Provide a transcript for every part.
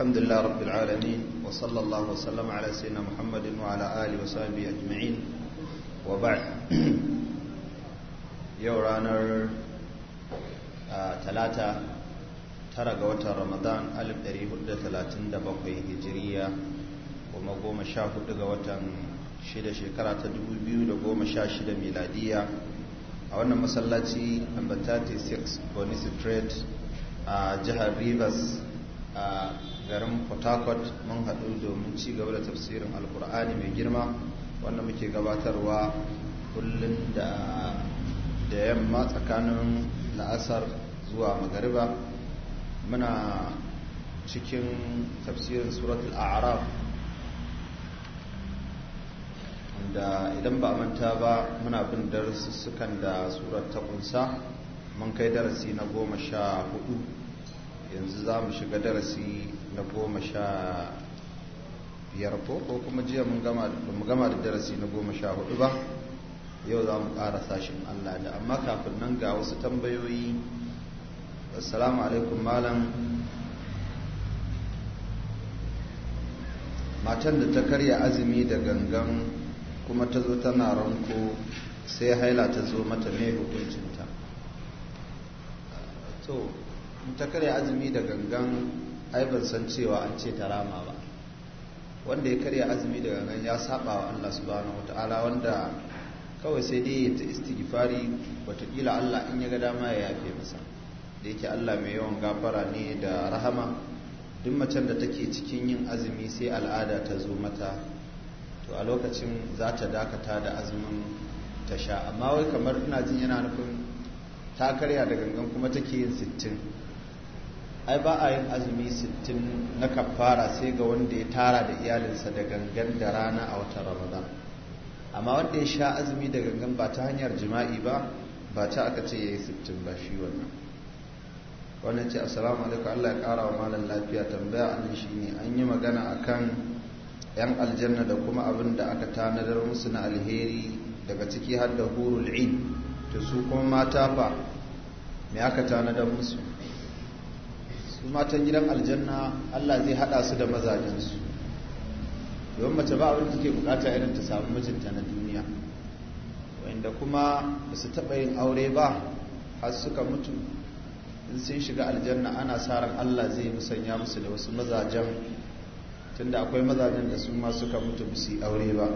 الحمد لله رب العالمين وصلى الله وسلم على سيدنا محمد وعلى آله وصحبه أجمعين وبعد yau ranar ah, talata tara ga watan ramadan 1437 hijiriya kuma goma sha hudu ga watan shida shekara ta 2016 miladiya a wannan masallaci number 36 bonny street a ah, jihar rivers a ah, garin port harcourt mun haɗu domin ci gaba da tafsirin alkur'ani mai girma wanda muke gabatarwa kullum da da yamma tsakanin la'asar zuwa magariba muna cikin tafsirin suratul a'raf da idan ba manta ba muna bin darussukan da surar ta kunsa mun kai darasi na goma sha hudu yanzu za mu shiga darasi na goma sha biyar ko ko kuma jiya mun gama da darasi na goma sha hudu ba yau za mu ƙara sashin Allah da amma kafin nan ga wasu tambayoyi assalamu alaikum malam matan da ta karya azumi da gangan kuma ta zo tana ranko sai haila ta zo mata mai hukuncinta to ta karya azumi da gangan ai ban san cewa an ce ta rama ba wanda ya karya azumi daga nan ya saba wa Allah subhanahu wataala wanda kawai sai dai ya ta istighfari watakila Allah in ya ga dama ya yafe masa da yake Allah mai yawan gafara ne da rahama duk macen da take cikin yin azumi sai al'ada ta zo mata to a lokacin za ta dakata da azumin ta sha amma wai kamar ina jin yana nufin ta karya da gangan kuma take yin sittin ai ba a yin azumi sittin na kafara sai ga wanda ya tara da iyalinsa da gangan da rana a watan ramadan amma wanda ya sha azumi da gangan ba ta hanyar jima'i ba ba ta aka ce ya yi sittin ba shi wannan wannan ce assalamu alaikum Allah ya kara wa malam lafiya tambaya shi shine an yi magana akan yan aljanna da kuma abin da aka tanadar musu na alheri daga ciki har da hurul ain to su kuma mata fa me aka tanadar musu su matan gidan aljanna Allah zai hada su da mazajensu don mace ba abin da take bukata irin ta samu mijinta na duniya wanda kuma ba su taɓa yin aure ba har suka mutu in sun shiga aljanna ana sa ran Allah zai musanya musu da wasu mazajen tunda akwai mazajen da su ma suka mutu ba su yi aure ba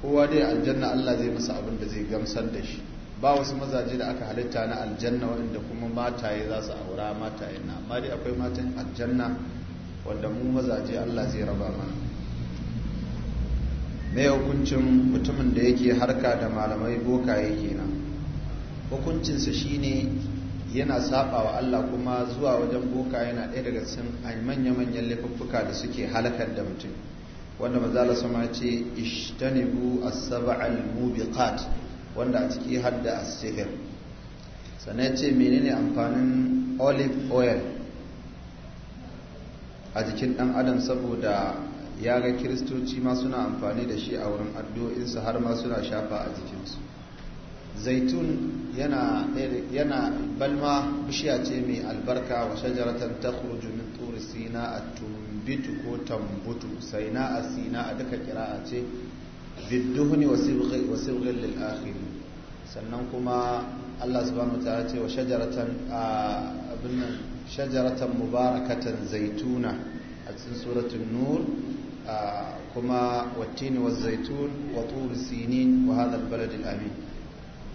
kowa dai aljanna Allah zai musu abin da zai gamsar da shi ba wasu mazaje da aka halitta na aljanna waɗanda kuma mataye za su aura mataye na amma dai akwai matan aljanna wanda mu mazaje Allah zai raba mana me hukuncin mutumin da yake harka da malamai boka bokaye hukuncin sa shine yana saba wa Allah kuma zuwa wajen boka yana ɗaya daga cikin manya-manyan laifuffuka da suke halakar da mutum wanda mazala sama ce ishtanibu as-sab'al mubiqat wanda a ciki hadda sihir sannan ce menene amfanin olive oil a jikin dan adam saboda ya ga kiristoci ma suna amfani da shi a wurin addu'o'insu har ma suna shafa a jikinsu zaitun yana balma bishiya ce mai albarka wa shajaratan ta min turi sina a tumbitu ko tambutu sai na a sina a duka kira'a ce bidduhni wa sibghil lil akhir sannan kuma Allah subhanahu wataala ce wa shajaratan abin nan shajaratan mubarakatan zaituna a cikin suratul nur kuma wattini wa zaitun wa tur sinin wa hadha al-balad al-amin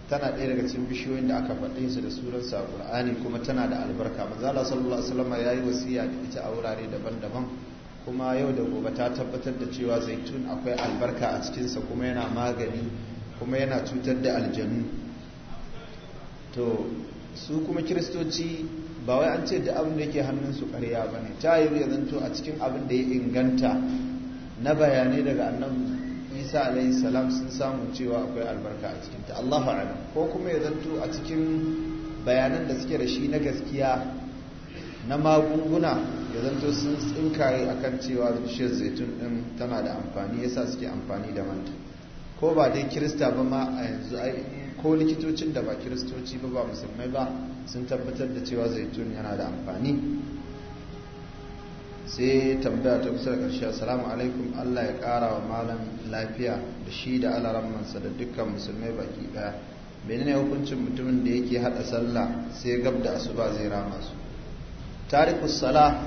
tana ɗaya daga cikin bishiyoyin da aka faɗe su da suran sa kuma tana da albarka manzo Allah sallallahu alaihi wasallam yayi wasiya da ita a wurare daban-daban kuma yau da gobe ta tabbatar da cewa zaitun akwai albarka a cikinsa kuma yana magani kuma yana cutar da aljanu to su kuma kiristoci ba wai an ce da abin da yake su karya ba ne ta yi ya zanto a cikin abin da ya inganta na bayanai daga annan isa alayhi salam sun samu cewa akwai albarka a cikinta allahu alam ko kuma ya zanto a cikin bayanan da suke da shi na gaskiya na magunguna ya zanto sun a kan cewa bishiyar zaitun din tana da amfani ya sa suke amfani da manta ko ba dai kirista ba ma a yanzu ko likitocin da ba kiristoci ba ba musulmai ba sun tabbatar da cewa zaitun yana da amfani sai tambaya ta kusa da ƙarshe assalamu alaikum Allah ya kara wa malam lafiya da shi da mansa da dukkan musulmai baki ɗaya menene hukuncin mutumin da yake hada sallah sai gab da asuba zai rama su tarikus sala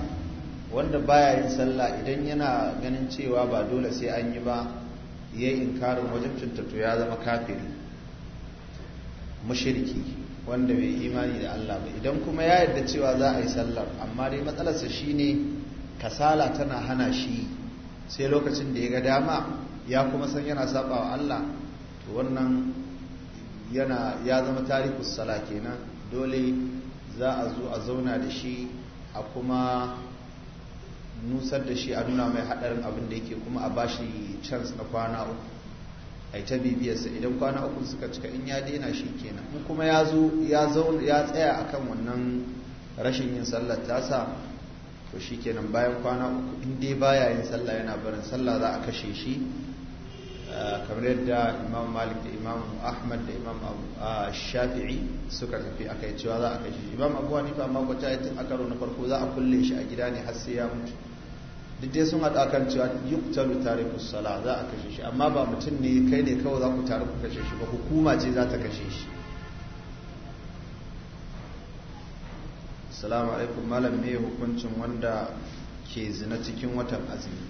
wanda baya yin sallah idan yana ganin cewa ba dole sai an yi ba ya yi inkarin wajibcin to ya zama kafiri mushriki wanda bai imani da Allah ba idan kuma ya yarda cewa za a yi sallar amma dai matsalarsa shi ne kasala tana hana shi sai lokacin da ya ga dama ya kuma san yana saba wa Allah to wannan yana ya zama tarikus sala kenan dole za a zo a zauna da shi a kuma nusar da shi a nuna mai haɗarin abin da yake kuma a shi chance na kwana uku a ta bibiyarsa idan kwana uku suka cika in ya daina shi kenan in kuma ya zo ya tsaya akan wannan rashin yin sallar sa to shi kenan bayan kwana uku in dai baya yin sallah yana barin sallah za a kashe shi Eh, kamar yadda imam malik da imam ahmad da imam eh, shafi'i suka tafi aka yi cewa za a kashe imam abuwa hanifa amma kwata ya tun a karo na farko za a kulle shi a gida ne har sai ya mutu duk dai sun haɗa kan cewa tare ku sala za a kashe shi amma ba mutum ne kai ne kawai za ku taru ku kashe shi ba hukuma ce za ta kashe shi assalamu alaikum malam me hukuncin wanda ke zina cikin watan azumi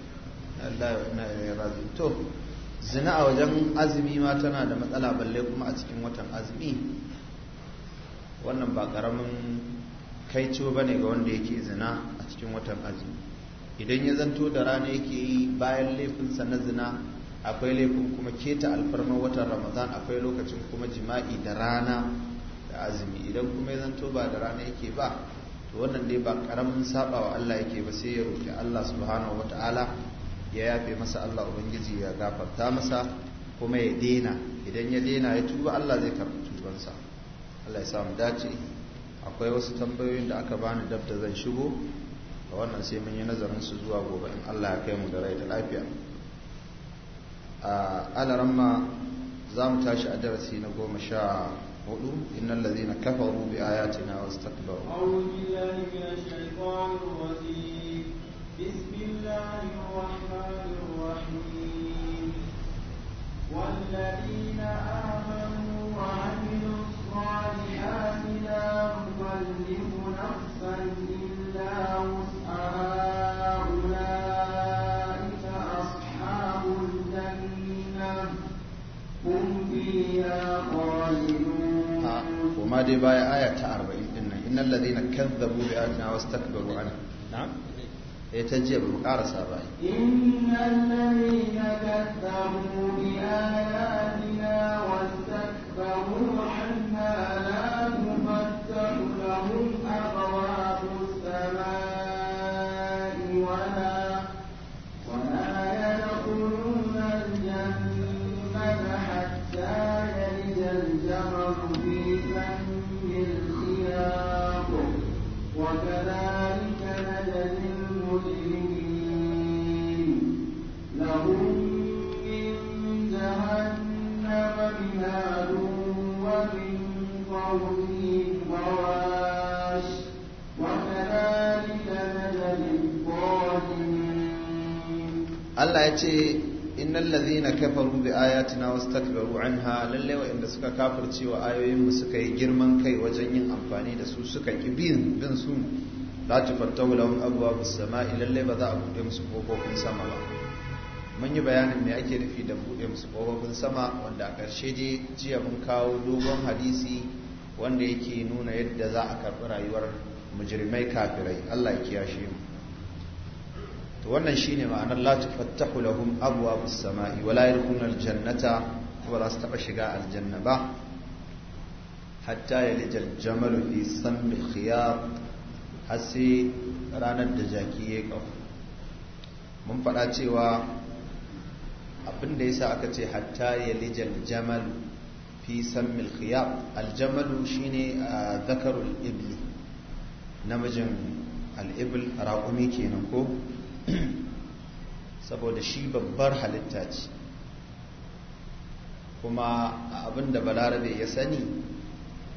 Allah ya razi to zina a wajen azumi ma tana da matsala balle kuma a cikin watan azumi wannan ba karamin kaico ba ne ga wanda yake zina a cikin watan azumi idan ya zanto da rana yake yi bayan laifinsa na zina akwai laifin kuma keta alfarmar watan ramadan akwai lokacin kuma jima'i da rana da azumi idan kuma ya zanto ba da rana yake ba to wannan dai ba karamin saba wa Allah yake ba sai ya roki Allah subhanahu wataala ya yafe masa Allah ubangiji ya gafarta masa kuma ya dena idan ya dena ya tuba Allah zai karɓi tubansa Allah ya samu dace akwai wasu tambayoyin da aka bani dab da zan shigo a wannan sai mun yi nazarin su zuwa gobe in Allah ya kai mu da rai da lafiya a alaran za mu tashi a darasi na goma sha hudu innal ladhina kafaru bi ayatina wastakbaru a'udhu billahi minash shaitanir rajim الله الرحمن الرحيم والذين آمنوا وعملوا الصالحات لا نكلف نفسا إلا وسعها أصحاب الجنة هم فيها خالدون وما دي باية آية 40 إن الذين كذبوا بآياتنا واستكبروا عنها نعم eh ta jiya ba mu karasa ba innal ladina Allah ya ce innal ladhina kafaru bi ayatina wastakbaru anha lalle inda suka kafirce wa ayoyin mu suka yi girman kai wajen yin amfani da su suka ki bin bin su la tufattahu lahum abwabus sama'i lalle ba za a bude musu kofofin sama ba mun yi bayanin me ake nufi da bude musu kofofin sama wanda a karshe dai jiya mun kawo dogon hadisi wanda yake nuna yadda za a karɓi rayuwar mujrimai kafirai Allah ya kiyashe mu to wannan shine ma'anar la tufattahu lahum abwabus samai wala yadkhuluna aljannata wa la taba shiga aljanna ba hatta yalija aljamalu fi sammi khiyar hasi ranar da jaki ya kafu mun faɗa cewa abin da yasa aka ce hatta yalija aljamalu fi sammi alkhiyar aljamalu shine zakarul ibli namijin al-ibl raƙumi kenan ko saboda shi babbar halitta ce kuma abin da balarabe ya sani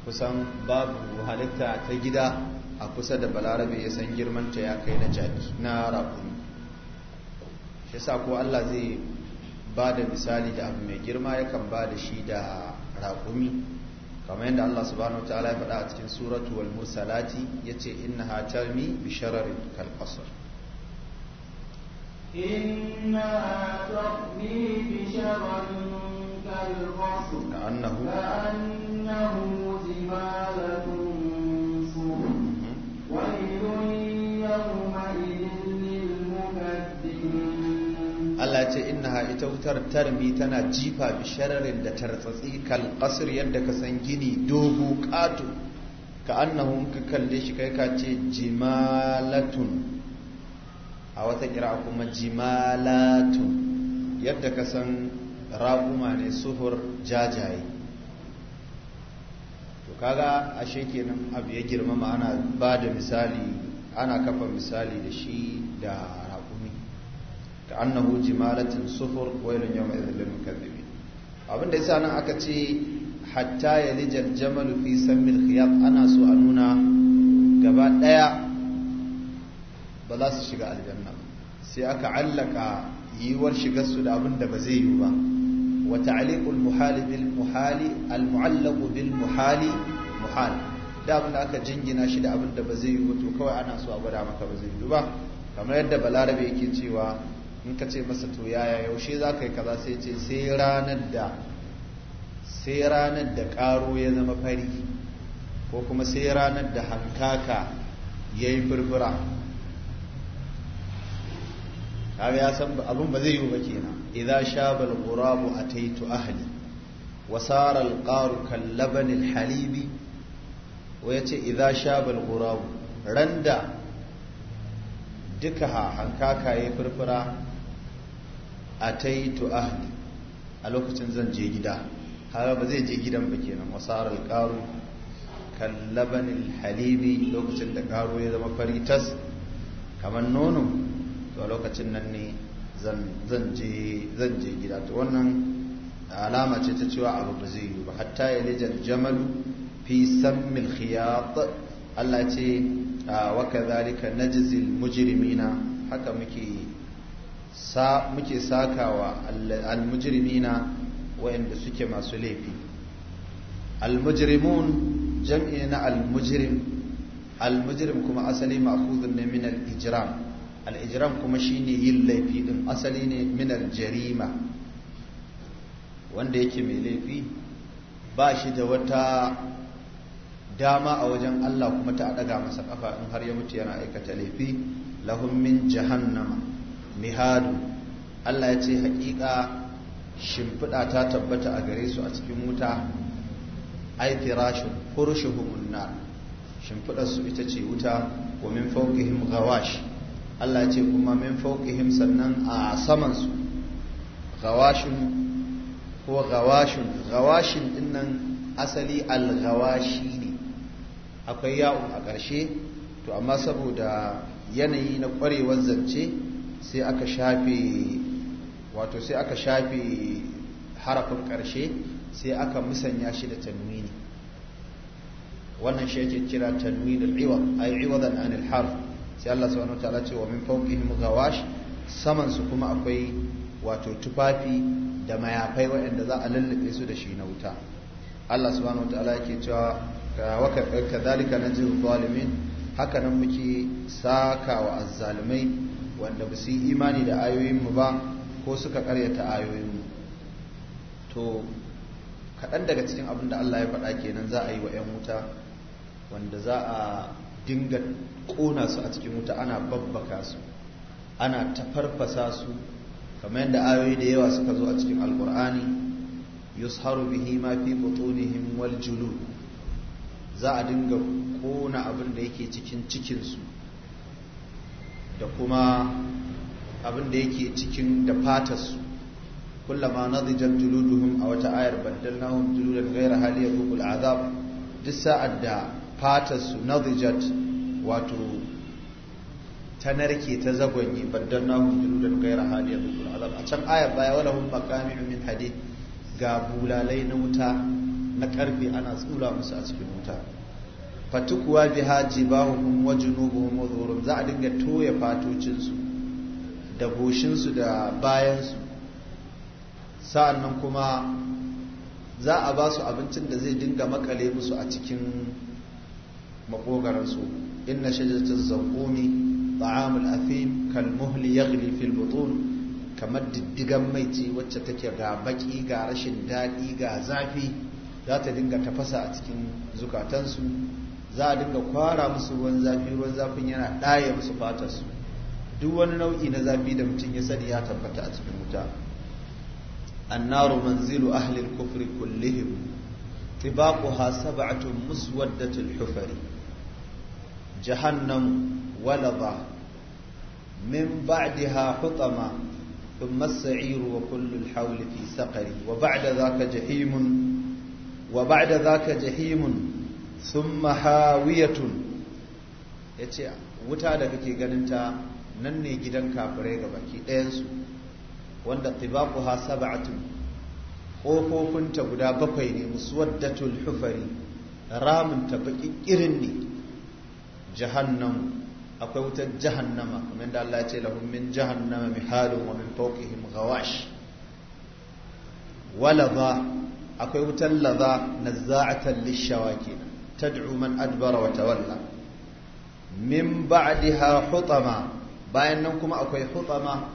kusan babu halitta ta gida a kusa da balarabe ya san girmanta ya kai na jaki na raƙumi shi sa ko allah zai ba da misali da abu mai girma yakan ba da shi da raƙumi kamar yadda Allah subhanahu wataala ya faɗa a cikin suratu wal mursalati ce innaha tarmi bi shararin kal كأنه كأنه Allah ce ita wutar tarmi tana jifa bishararin da tartsatsi kal kasir yadda ka san gini dogo kato ka annahun ka kalle shi kai ka ce jimalatun a wata kira kuma jimalatun yadda ka san raƙuma ne suhur jajaye to kaga ashe kenan abu ya girmama ana ba da misali ana kafa misali da shi da raƙumi ta annahu jimalatun suhur wailun yawma idhil lil mukaththibin abin da yasa nan aka ce hatta yalijal jamalu fi sammil khiyat ana so a nuna gaba daya ba za su shiga aljanna sai aka allaka yiwuwar shigar su da abin da ba zai yiwu ba wa ta'liqul muhali bil muhali al mu'allaq bil muhali muhal da abin da aka jingina shi da abin da ba zai yiwu to kawai ana so a gwada maka ba zai yiwu ba kamar yadda balarabe yake cewa in ka ce masa to yaya yaushe za ka yi kaza sai ce sai ranar da sai ranar da karo ya zama fari ko kuma sai ranar da hankaka ya yi kaga ya san abin ba zai yi ba kenan idza shaba al-ghurabu ataitu ahli wa sara al-qaru kal al-halibi wa yace idza shaba al-ghurabu randa duka hankaka ya furfura ataitu ahli a lokacin zan je gida kaga ba zai je gidan ba kenan wa sara al-qaru kal al-halibi lokacin da karo ya zama faritas kamar nono to lokacin nan ne zan je gida to wannan alama ce ta cewa abu ba zai yi ba hatta ya lija jamalu fi sammil khiyat Allah ce wa kadhalika najzil na haka muke haka muke sakawa al mujrimina wa'anda suke masu laifi al mujrimun jam'i na al mujrim al kuma asali ma'khudun ne min al ijram Al'ijiran kuma shi ne yin laifi ɗin asali ne minar jarima wanda yake mai laifi ba shi da wata dama a wajen Allah kuma ta ɗaga masa ƙafa in har ya mutu yana aikata laifi lahum min jahannama mihadu Allah ya ce haƙiƙa shimfiɗa ta tabbata a gare su a cikin wuta ai firashin furushuhumun nar shimfiɗar su ita ce wuta wa min fawqihim ghawash Allah ce kuma min fawqihim sannan a saman su gawashin ko gawashin gawashin dinnan asali al-gawashi ne akwai ya'u a ƙarshe to amma saboda yanayi na ƙwarewar zance sai aka shafe wato sai aka shafe harafin ƙarshe sai aka musanya shi da tanwini wannan shi yake kira tanwin al-iwad ay iwadan harf sai Allah subhanahu ala ce wa min fawqihim ghawash saman su kuma akwai wato tufafi da mayafai waɗanda za a lullube su da shi na wuta Allah subhanahu wataala yake cewa wa kadhalika najzi zalimin haka nan muke saka wa azzalimai wanda ba su yi imani da ayoyin mu ba ko suka karyata ayoyin mu to kaɗan daga cikin abin da Allah ya faɗa kenan za a yi wa 'yan wuta wanda za a dinga kona su a cikin wuta ana babbaka su ana tafarfasa su kamar yadda ayoyi da yawa suka zo a cikin alkur'ani yusharu bihi ma fi butunihim wal julud za a dinga kona abin da yake cikin cikin su da kuma abin da yake cikin da fatarsu kullama nadijat juluduhum a wata ayar baddalnahum juludan ghayra hali yadhuqul azab duk sa'ad da fatarsu nadijat wato ta narke ta zagonye baddan namun juludan gaira hali ya dukkan a can ayar baya wala hun makami'u min hadi ga bulalai na wuta na karfe ana tsula musu a cikin wuta fatukuwa ba hukun wajen nubu wa zuhurum za a dinga toya fatocinsu da goshinsu da bayansu sa'annan kuma za a ba su abincin da zai dinga makale musu a cikin makogaransu inna shajaratuz zaqumi ta'amul afim kal muhli yaghli fil butun kamar diddigan mai ce wacce take ga baki ga rashin daɗi ga zafi za ta dinga tafasa a cikin zukatansu za a dinga kwara musu ruwan zafi ruwan zafin yana ɗaya musu fatarsu duk wani nau'i na zafi da mutum ya sani ya tabbata a cikin wuta annaru manzilu ahlil kufri kullihim tibaquha sab'atun muswaddatul hufari جهنم ولظى من بعدها حطمة ثم السعير وكل الحول في سقري وبعد ذاك جحيم وبعد ذاك جحيم ثم هاوية yace wuta da kake ganinta nan ne gidan kafirai ga baki ɗayansu wanda tibaquha sab'atun ƙofofinta guda bakwai ne muswaddatul hufari ramin ta baki ne jahannamu akwai wutar jahannama kuma yadda Allah ya ce lahum min jahannama mihalun wa min fawqihim ghawash walaza akwai wutar laza nazza'atan lishawaki tad'u man adbara wa tawalla min ba'daha hutama bayan nan kuma akwai hutama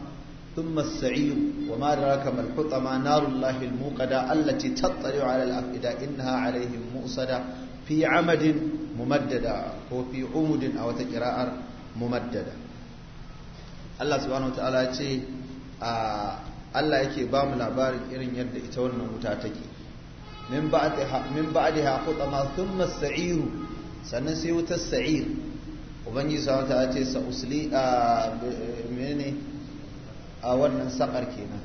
ثم السعير وما أدراك ما الحطمة نار الله الموقدة التي تطلع على الأفئدة إنها عليهم مؤصدة fi amadin mumaddada ko fi umudin a wata kira'ar mumaddada Allah subhanahu wa ce Allah yake ba mu labarin irin yadda ita wannan wuta take min ba'daha min ba'daha qutama thumma sa'ir sannan sai wutar sa'ir ubangiji subhanahu wa ta'ala ce sa usli a menene a wannan sakar kenan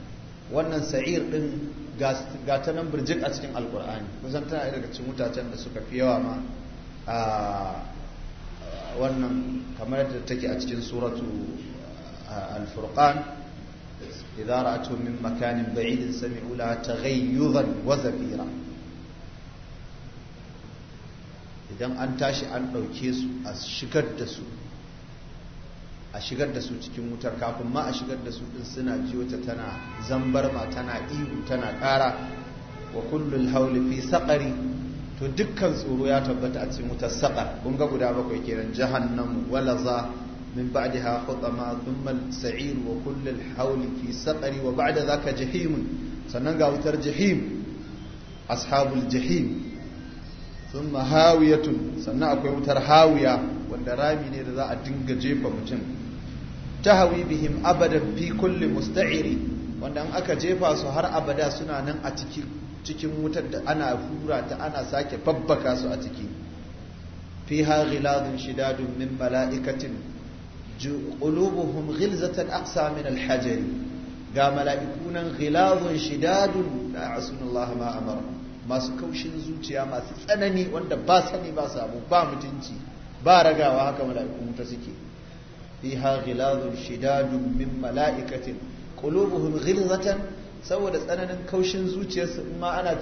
wannan sa'ir din ga ta nan birjik a cikin alkur'ani kusan tana daga cikin mutacen da suka fi yawa ma a wannan kamar da take a cikin suratu al-furqan idza ra'atuhum min makanin ba'idin sami'u ta taghayyuzan wa zafira idan an tashi an ɗauke su a shigar da su a shigar da su cikin wutar kafin ma a shigar da su din suna jiyota tana zambarma tana ihu tana ƙara wa kullul hauli fi saqari to dukkan tsoro ya tabbata a cikin wutar saqar kun ga guda bakwai kenan jahannam walaza min ba'daha khutama thumma sa'ir wa kullul hauli fi saqari wa ba'da zaka jahim sannan ga wutar jahim ashabul jahim thumma hawiyatun sannan akwai wutar hawiya wanda rami ne da za a dinga jefa mutum tahawi bihim abadan fi kulli musta'iri wanda aka jefa su har abada suna nan a cikin cikin wutar da ana hura ta ana sake babbaka su a ciki fiha ghiladun shidadun min mala'ikatin qulubuhum ghilzatan aqsa min al ga mala'ikunan ghiladun shidadun la asunullah ma amara masu kaushin zuciya masu tsanani wanda ba sani ba sabo ba mutunci ba ragawa haka mala'ikun ta suke fiha ghiladun shidadun min mala'ikatin qulubuhum ghilzatan saboda tsananin kaushin zuciyarsu in ma ana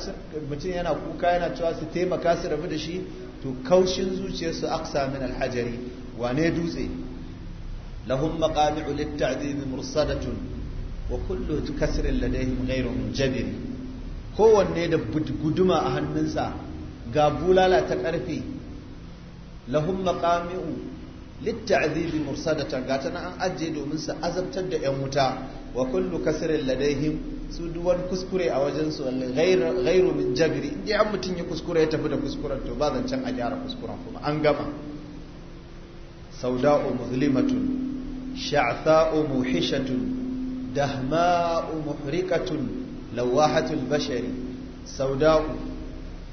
mutum yana kuka yana cewa su taimaka su rabu da shi to kaushin zuciyarsu aksa min alhajari wane dutse lahum maqami'u litta'dib mursadatun wa kullu kasrin ladayhim ghayru munjabir kowanne da guduma a hannunsa ga bulala ta karfe lahum maqami'u litta'zibi mursadatan gata nan an ajiye domin su azabtar da yan wuta wa kullu kasirin ladaihim su duwan kuskure a wajen su ghairu min jabri indai an mutun ya kuskure ya tafi da kuskuren to ba zancen a gyara kuskuren kuma an gama sauda'u muzlimatun sha'tha'u muhishatun dahma'u muhriqatun lawahatul bashari sauda'u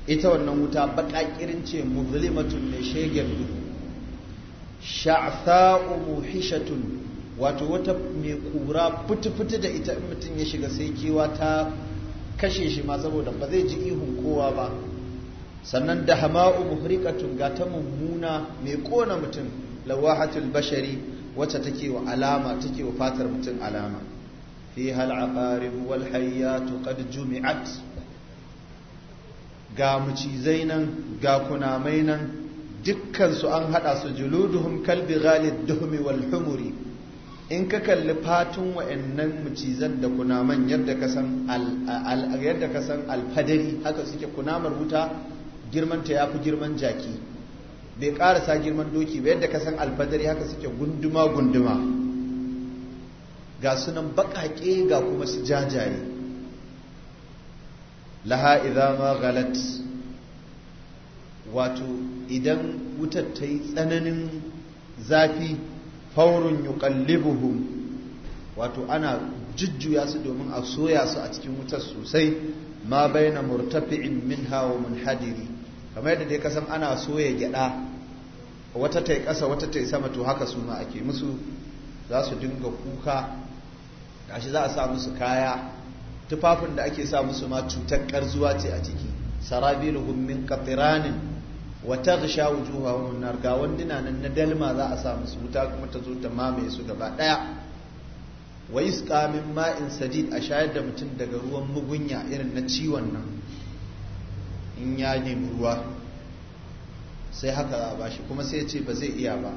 ita wannan wuta baƙaƙirin ce muzlimatun ne shegen duhu sha'tha'u muhishatun wato wata mai kura fitifiti da ita in mutum ya shiga sai kewa ta kashe shi ma saboda ba zai ji ihun kowa ba sannan da hama'u muhriqatun ga ta mummuna mai kona mutum lawahatul bashari wacce take wa alama take wa fatar mutum alama fi hal aqarib wal hayyatu qad jumi'at ga mucizai nan ga kunamai nan dukkansu an haɗa su juluduhum kalbi ghalid duhmi wal humuri in ka kalli fatun wa'annan mucizan da kunaman yadda ka san yadda ka san alfadari haka suke kunamar wuta girman ta yafi girman jaki bai karasa girman doki ba yadda ka san alfadari haka suke gunduma gunduma ga sunan baƙaƙe ga kuma su jajaye laha idza ma ghalat wato idan wutar ta yi tsananin zafi faurin yuqallibuhum wato ana jujjuya su domin a soya su a cikin wutar sosai ma baina murtafi'in minha wa munhadiri kamar yadda dai kasan ana soya gyada wata ta yi kasa wata ta yi sama to haka su ma ake musu za su dinga kuka gashi za a sa musu kaya tufafin da ake sa musu ma cutar karzuwa ce a ciki sarabiluhum min qatiranin wa gasha wujuhahum nar ga wanduna nan na dalma za a samu su wuta kuma ta zo ta mamaye su gaba daya wa iska min ma'in sadid a shayar da mutum daga ruwan mugunya irin na ciwon nan in ya nemi ruwa sai haka za a bashi kuma sai ya ce ba zai iya ba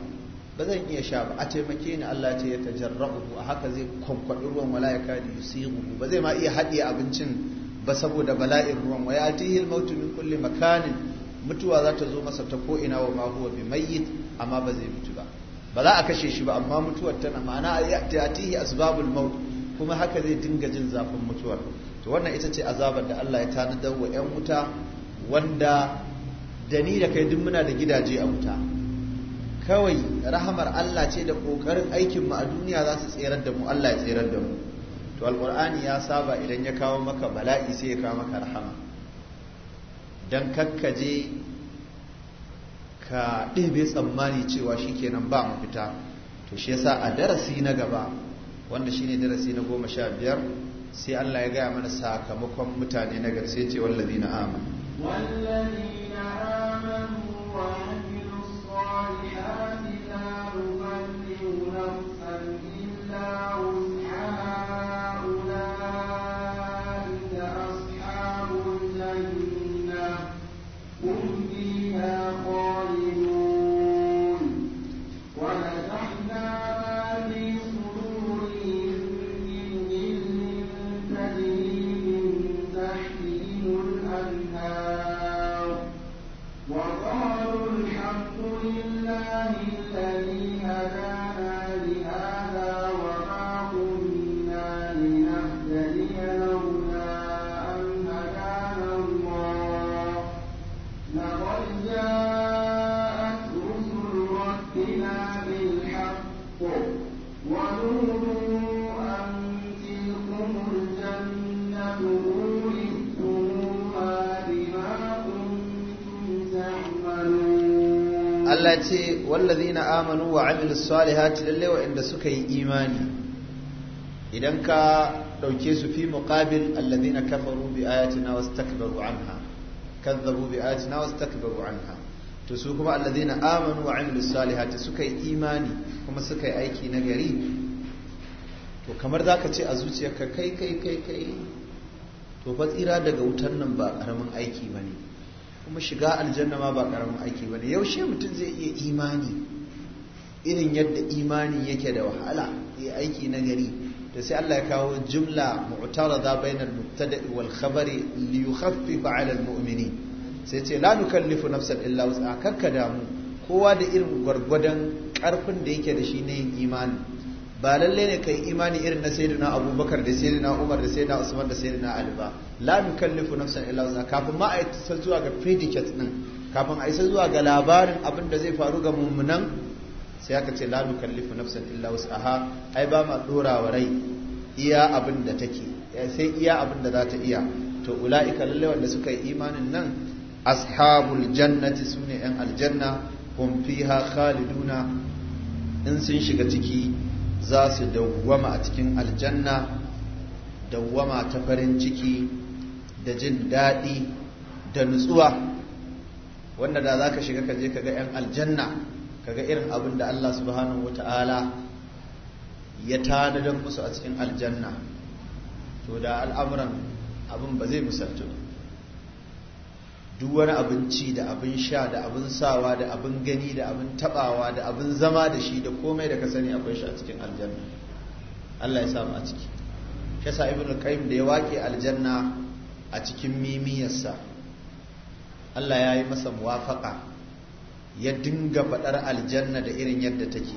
ba zan iya sha ba a taimake ni Allah ce ya tajarrabu a haka zai kwankwaɗi ruwan mala'ika da ba zai ma iya haɗiye abincin ba saboda bala'in ruwan wa tihil mautu min kulli makanin mutuwa za ta zo masa ta ko ina wa mahuwa bi mayyit amma ba zai mutu ba ba za a kashe shi ba amma mutuwar tana ma'ana yatihi asbabul maut kuma haka zai dinga jin zafin mutuwar to wannan ita ce azabar da Allah ya tanadar wa 'yan wuta wanda da ni da kai duk muna da gidaje a wuta kawai rahamar Allah ce da kokarin aikin mu a duniya za su tserar da mu Allah ya tserar da mu to alqur'ani ya saba idan ya kawo maka bala'i sai ya kawo maka rahama don kakkaje ka ɗebe tsammani cewa shi kenan ba mafita to shi yasa a darasi na gaba wanda shi ne darasi na goma sha biyar sai Allah ya gaya mana sakamakon mutane na sai ce wallazi na amin na amanu wa amilu salihati lalle wa'anda suka yi imani idan ka dauke su fi muqabil alladhina kafaru bi ayatina wastakbaru anha kazzabu bi ayatina wastakbaru anha to su kuma alladhina amanu wa amilu salihati suka yi imani kuma suka yi aiki na gari to kamar zaka ce a zuciyarka kai kai kai kai to fa tsira daga wutan nan ba karamin aiki bane kuma shiga aljanna ma ba karamin aiki ba ne yaushe mutum zai iya imani irin yadda imani yake da wahala yi aiki na gari da sai Allah ya kawo jumla mu'tarada bainal mubtada'i wal khabari li yukhaffifa 'ala al mu'minin sai ce la nukallifu nafsan illa wus'aha kakka damu kowa da irin gwargwadon karfin da yake da shi ne imani ba lalle ne kai imani irin na sayyidina abubakar da sayyidina umar da sayyidina usman da sayyidina ali ba la nukallifu nafsan illa wus'a kafin ma a isa zuwa ga predicate din kafin a isa zuwa ga labarin abin da zai faru ga mummunan sai aka ce la nukallifu nafsan illa wus'aha ai ba ma dora wa rai iya abin da take sai iya abin da za ta iya to ula'ika lalle wanda suka yi imanin nan ashabul jannati sune yan aljanna hum fiha khaliduna in sun shiga ciki za su dawwama a cikin aljanna dawwama ta farin ciki da jin daɗi da nutsuwa wanda da za ka shiga ka je ka ga 'yan aljanna kaga irin abin da Allah subhanahu ta'ala ya tanadar musu a cikin aljanna to da al'amuran abin ba zai misaltu duk wani abinci da abin sha da abin sawa da abin gani da abin tabawa da abin zama da shi da komai da ka sani akwai shi a cikin aljanna Allah ya samu a ciki shi yasa ibnu qayyim da ya wake aljanna a cikin mimiyarsa Allah ya yi masa muwafaka ya dinga faɗar aljanna da irin yadda take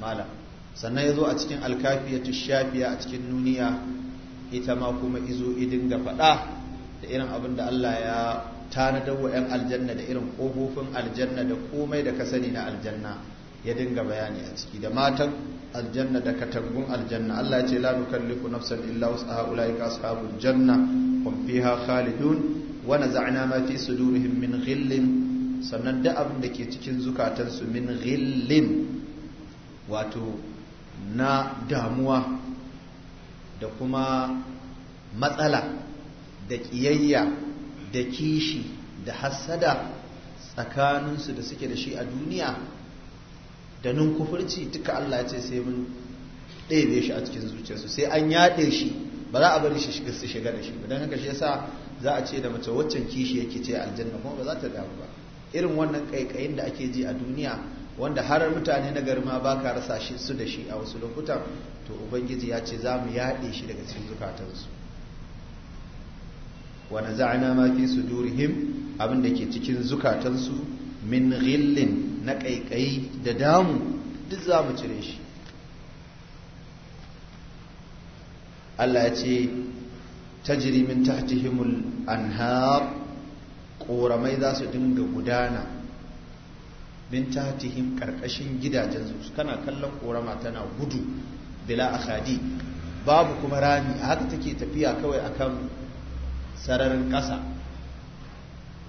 malam sannan ya zo a cikin alkafiyatu shafiya a cikin nuniya ita ma kuma izo idinga faɗa da irin abin da Allah ya tanadar wa 'yan aljanna da irin ƙofofin aljanna da komai da ka sani na aljanna ya dinga bayani a ciki da matan aljanna da katangun aljanna Allah ya ce la nukallifu nafsan illa ulai ka ashabul janna hum fiha khalidun wa naza'na ma fi sudurihim min ghillin sannan da abin da ke cikin zukatansu min ghillin wato na damuwa da kuma matsala da ƙiyayya da kishi da hassada tsakaninsu da suke da shi a duniya da nun kufurci duka Allah ya ce sai mun ɗebe shi a cikin zuciyarsu sai an yaɗe shi ba za a bari shi shiga da shi ba don haka shi yasa za a ce da mace waccan kishi yake ce aljanna kuma ba za ta damu ba irin wannan kaikayin da ake ji a duniya wanda har mutane na garma ba ka rasa shi su da shi a wasu lokutan to ubangiji ya ce za mu yaɗe shi daga cikin zukatansu wani za'ana ma fi su sudurihim abin da ke cikin zukatansu min ghillin na kaikayi da damu duk za mu cire shi Allah ya ce ta min tahtihimul anhar ƙoramai za su dinga gudana bin tahtihim karkashin su kana kallon ƙorama tana gudu bila akhadi babu kuma rami haka take tafiya kawai akan sararin ƙasa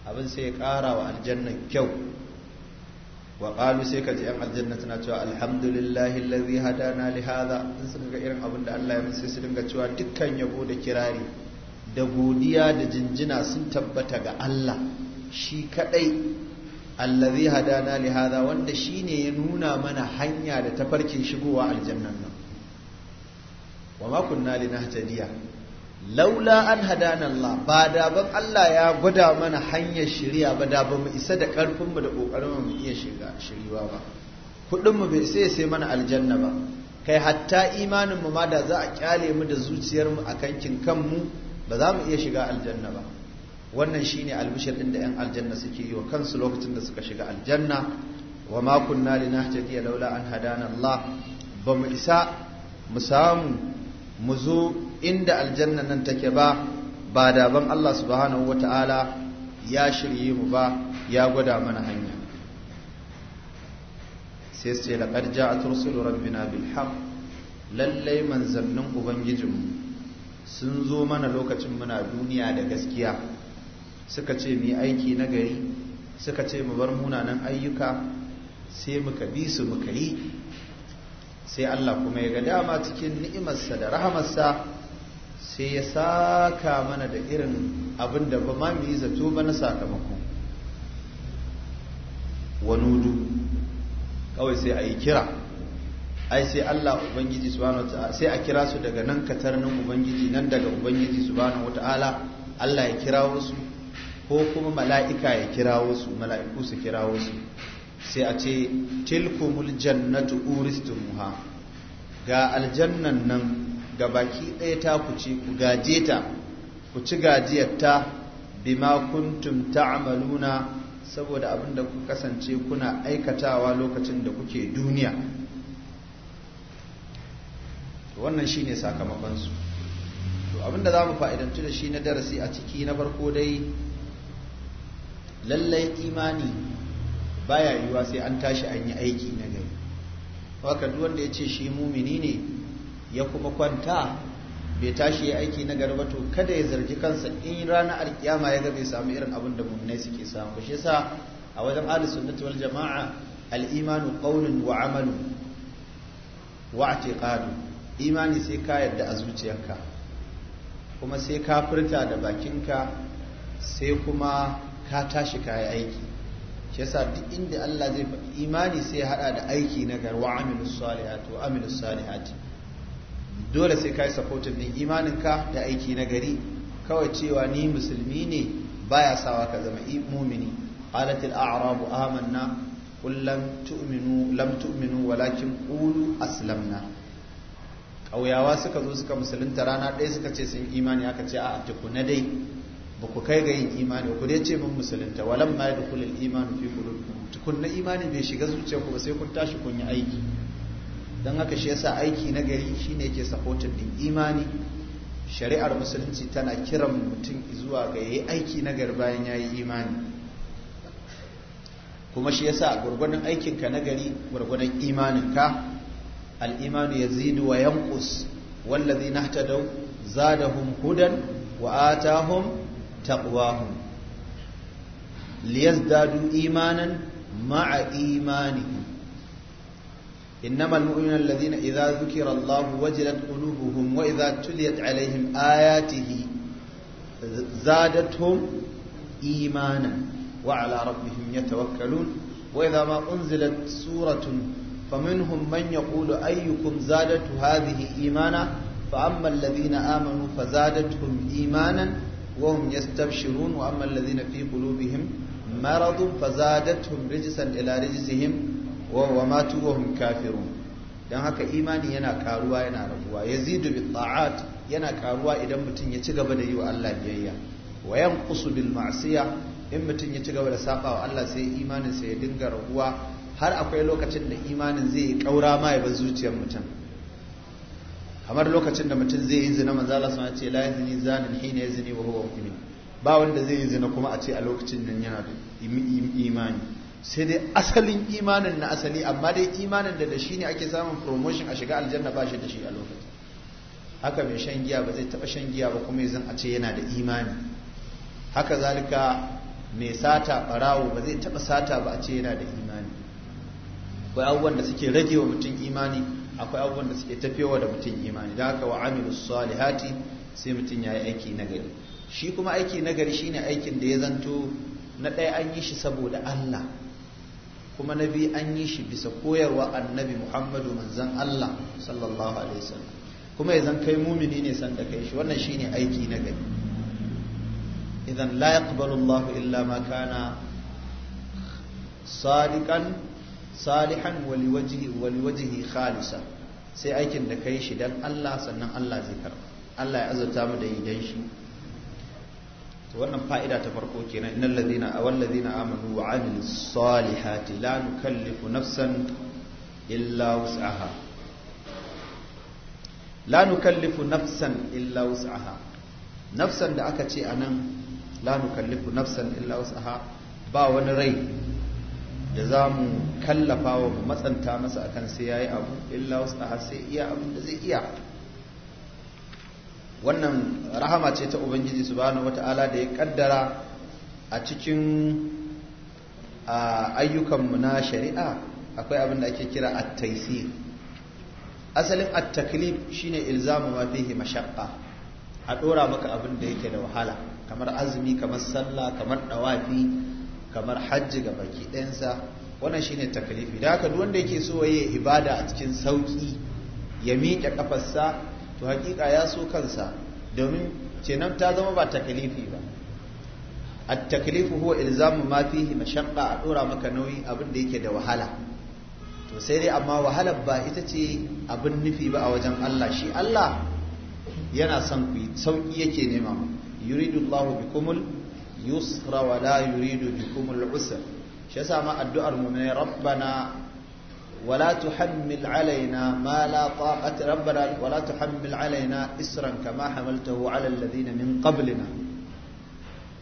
abin sai ya ƙara wa aljannan kyau wa ƙalu sai ka ji yan aljanna tana cewa alhamdulillahi lalzi hadana na in suka ga irin abin da Allah ya sai su dinga cewa dukkan yabo da kirari da godiya da jinjina sun tabbata ga Allah shi kadai zai hada li hada wanda ne ya nuna mana hanya da tafarkin shigowa aljannan nan wa ma kunna linahtadiya laula an hadana Allah ba da ban Allah ya gwada mana hanyar shari'a ba da ba mu isa da karfin mu da kokarin mu iya shiga shiriwa ba kudin bai sai ya sai mana aljanna ba kai hatta imanin mu ma da za a kyale mu da zuciyar mu akan kin kanmu ba za mu iya shiga aljanna ba wannan shine albishir din da yan aljanna suke yi wa kansu lokacin da suka shiga aljanna wa ma kunna linahtadiya laula an hadana Allah ba mu isa mu samu mu zo inda aljanna nan take ba ba da ban Allah subhanahu wata'ala ya shirye mu ba ya gwada mana hanya sai sai laqad ja'at rusulu rabbina bil haqq lallai manzannin ubangijinmu sun zo mana lokacin muna duniya da gaskiya suka ce mu aiki na gari suka ce mu bar munanan ayyuka sai muka bi su muka yi sai Allah kuma ya ga dama cikin ni'imarsa da rahamarsa sai ya saka mana da irin abin da ba ma mu yi zato ba na sakamako nudu kawai sai a yi kira ai sai Allah ubangiji subhanahu wata'ala sai a kira su daga nan nan ubangiji nan daga ubangiji subhanahu wata'ala Allah ya kirawo su ko kuma mala'ika ya kirawo su mala'iku su kirawo su sai a ce tilkumul jannatu uristumuha ga aljannan nan ga baki ɗaya ta ku ce ku gaje ta ku ci gajiyar ta, bima kuntum ta'maluna saboda abinda da kuka kasance kuna aikatawa lokacin da kuke duniya to wannan shine sakamakon su to da za mu fa'idantu da shi na darasi a ciki na farko dai lallai imani baya yiwa sai an tashi an yi aiki na gari haka duk wanda ya ce shi mumini ne ya kuma kwanta bai tashi ya aiki na gari ba to kada ya zargi kansa in ranar alkiyama ya ga bai samu irin abin da muminai suke samu ba shi yasa a wajen ahlus sunnati wal jama'a al-imanu qawlun wa kadu. wa i'tiqadu imani sai ka yadda a zuciyarka kuma sai ka furta da bakinka sai kuma ka tashi ka yi aiki shi yasa duk inda Allah zai faɗi imani sai ya haɗa da aiki na garwa amilus salihati wa amilus salihati dole sai ka yi supporting din ka da aiki na gari kawai cewa ni musulmi ne baya sawa ka zama mumini qalat arabu amanna na lam tu'minu lam tu'minu walakin qulu aslamna hauyawa suka zo suka musulunta rana ɗaya suka ce sun imani aka ce a tukuna dai ba ku kai ga yin imani ku dai ce mun musulunta walam ma da al imani fi qulubikum tukun na imani bai shiga ku ba sai kun tashi kun yi aiki dan haka shi yasa aiki na gari shine yake supported din imani shari'ar musulunci tana kiran mutum zuwa ga yayi aiki na gari bayan yayi imani kuma shi yasa gurgurdan aikinka na gari gurgurdan imaninka الإيمان يزيد وينقص والذين اهتدوا زادهم هدى وآتاهم تقواهم ليزدادوا إيمانا مع إيمانهم إنما المؤمنون الذين إذا ذكر الله وجلت قلوبهم وإذا تليت عليهم آياته زادتهم إيمانا وعلى ربهم يتوكلون وإذا ما أنزلت سورة فمنهم من يقول أيكم زادت هذه إيمانا فأما الذين آمنوا فزادتهم إيمانا وهم يستبشرون وأما الذين في قلوبهم مرض فزادتهم رجسا إلى رجسهم وماتوا وهم كافرون dan haka imani yana karuwa yana rabuwa yazidu bil ta'at yana karuwa idan mutum ya ci gaba da yi wa Allah biyayya wa yanqusu bil ma'siya in mutum ya ci gaba da saba wa Allah sai imanin sa ya dinga rabuwa har akwai lokacin da imanin zai kaura ma ya zuciyar mutum kamar lokacin da mutum zai yi zina manzo Allah sun ce la yazni zanin hina yazni wa huwa mu'min ba wanda zai yi zina kuma a ce a lokacin nan yana da imani sai dai asalin imanin na asali amma dai imanin da da shi ne ake samun promotion a shiga aljanna ba shi da shi a lokacin haka mai shan giya ba zai taba shan giya ba kuma yanzu a ce yana da imani haka zalika mai sata barawo ba zai taba sata ba a ce yana da imani akwai abubuwan da suke rage wa mutum imani akwai abubuwan da suke wa da mutum imani da aka wa amilu salihati sai mutum ya yi aiki nagari shi kuma aiki nagari ne aikin da ya zanto na ɗaya an yi shi saboda Allah kuma na biyu an yi shi bisa koyarwa annabi Muhammadu manzon Allah sallallahu alaihi wasallam kuma ya zan kai mumini ne san da kai shi wannan shi ne aiki na nagari idan la yaqbalu illa ma kana sadiqan salihan waliwajihi waliwajihi khalisa sai aikin da kai shi dan Allah sannan Allah zai karba Allah ya azurta mu da yi shi wannan fa'ida ta farko kenan innal ladina awal ladina amanu wa amilus salihati la nukallifu nafsan illa wus'aha la nukallifu nafsan illa wus'aha nafsan da aka ce anan la nukallifu nafsan illa wus'aha ba wani rai da za mu kallafa wa mu matsanta masa a kan sai ya yi abu illa wasu a sai iya abin da zai iya wannan rahama ce ta ubangiji su subhanahu wata'ala da ya kaddara a cikin ayyukanmu na shari'a akwai abin da ake kira at asalin at-taklif shine ilzamu ma fihi mashaqqa a dora maka abin da yake da wahala kamar azumi kamar sallah kamar dawafi kamar hajji ga baki ɗayansa wannan ne takalifi da haka wanda yake so ya ibada a cikin sauƙi ya miƙe ƙafarsa to haƙiƙa ya so kansa domin kenan ta zama ba takalifi ba a takalifi huwa ilzamu ma fihi shanɗa a ɗora maka nauyi abin da yake da wahala to sai dai amma wahalar ba ita ce abin nufi ba a wajen Allah shi Allah yana son ku sauki yake nema yuridullahu kumul. yusra wa la yuridu bikum al-usr shi yasa ma addu'ar mu ne rabbana wala تحمل علينا ما لا طاقة ربنا ولا تحمل علينا إسرا كما حملته على الذين min qablina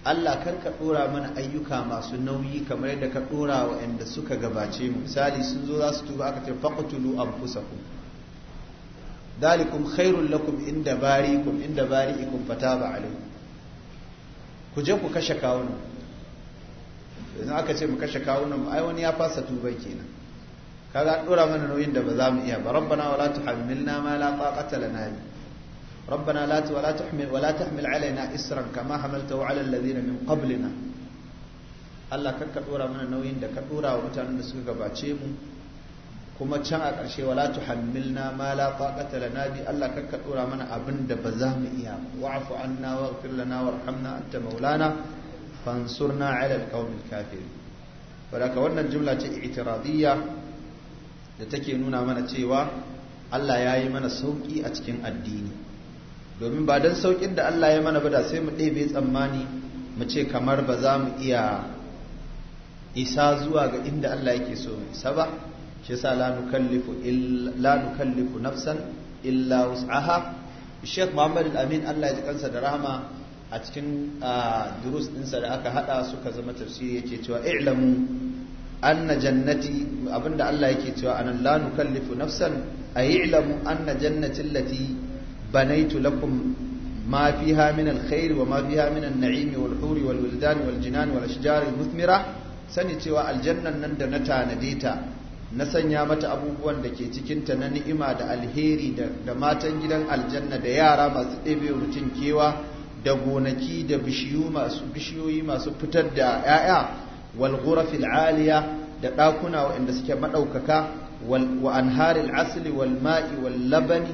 Allah kar ka ɗura mana ayyuka masu nauyi kamar yadda ka ɗora waɗanda suka gabace mu misali sun zo za su tuba aka ce faqtulu anfusakum dalikum khairul lakum inda bariikum inda bariikum fataba alaykum ku je ku kashe kawunan yanzu aka ce mu kashe kawunan ai wani ya fasa tuba kenan kaga an dora mana nauyin da ba za mu iya ba rabbana wala tuhammilna ma la taqata lana bi wala tuhmil wala tahmil alaina isran kama hamaltahu ala alladhina min allah Allah ka dora mana nauyin da ka dora wa mutanen da suka gabace mu kuma can a ƙarshe wala na ma la taqata lana bi Allah kakka ɗora mana abin da ba za mu iya wa'fu anna waghfir lana warhamna anta maulana fansurna ala alqawmil kafirin wadaka wannan jumla ce i'tiradiyya da take nuna mana cewa Allah ya yi mana sauki a cikin addini domin ba dan saukin da Allah ya mana ba da sai mu ɗebe tsammani mu ce kamar ba za mu iya isa zuwa ga inda Allah yake so mu isa ba shi sa la nukallifu la nukallifu nafsan illa wus'aha Sheikh Muhammad Al-Amin Allah ya ji kansa da rahama a cikin durus ɗinsa da aka hada suka zama tafsiri yake cewa i'lamu anna jannati abinda Allah yake cewa anan la nukallifu nafsan ay i'lamu anna jannati allati banaitu lakum ما فيها من الخير وما فيها من النعيم والحور والولدان والجنان والأشجار المثمرة سنتي والجنة نند نتا ta. na sanya mata abubuwan da ke cikinta na ni'ima da alheri da matan gidan aljanna da yara masu ɗebe mutum kewa da gonaki da bishiyoyi masu fitar da 'ya'ya walgura filaliya aliya da ɗakuna waɗanda suke maɗaukaka wa anharil asli wal ma'i wal labani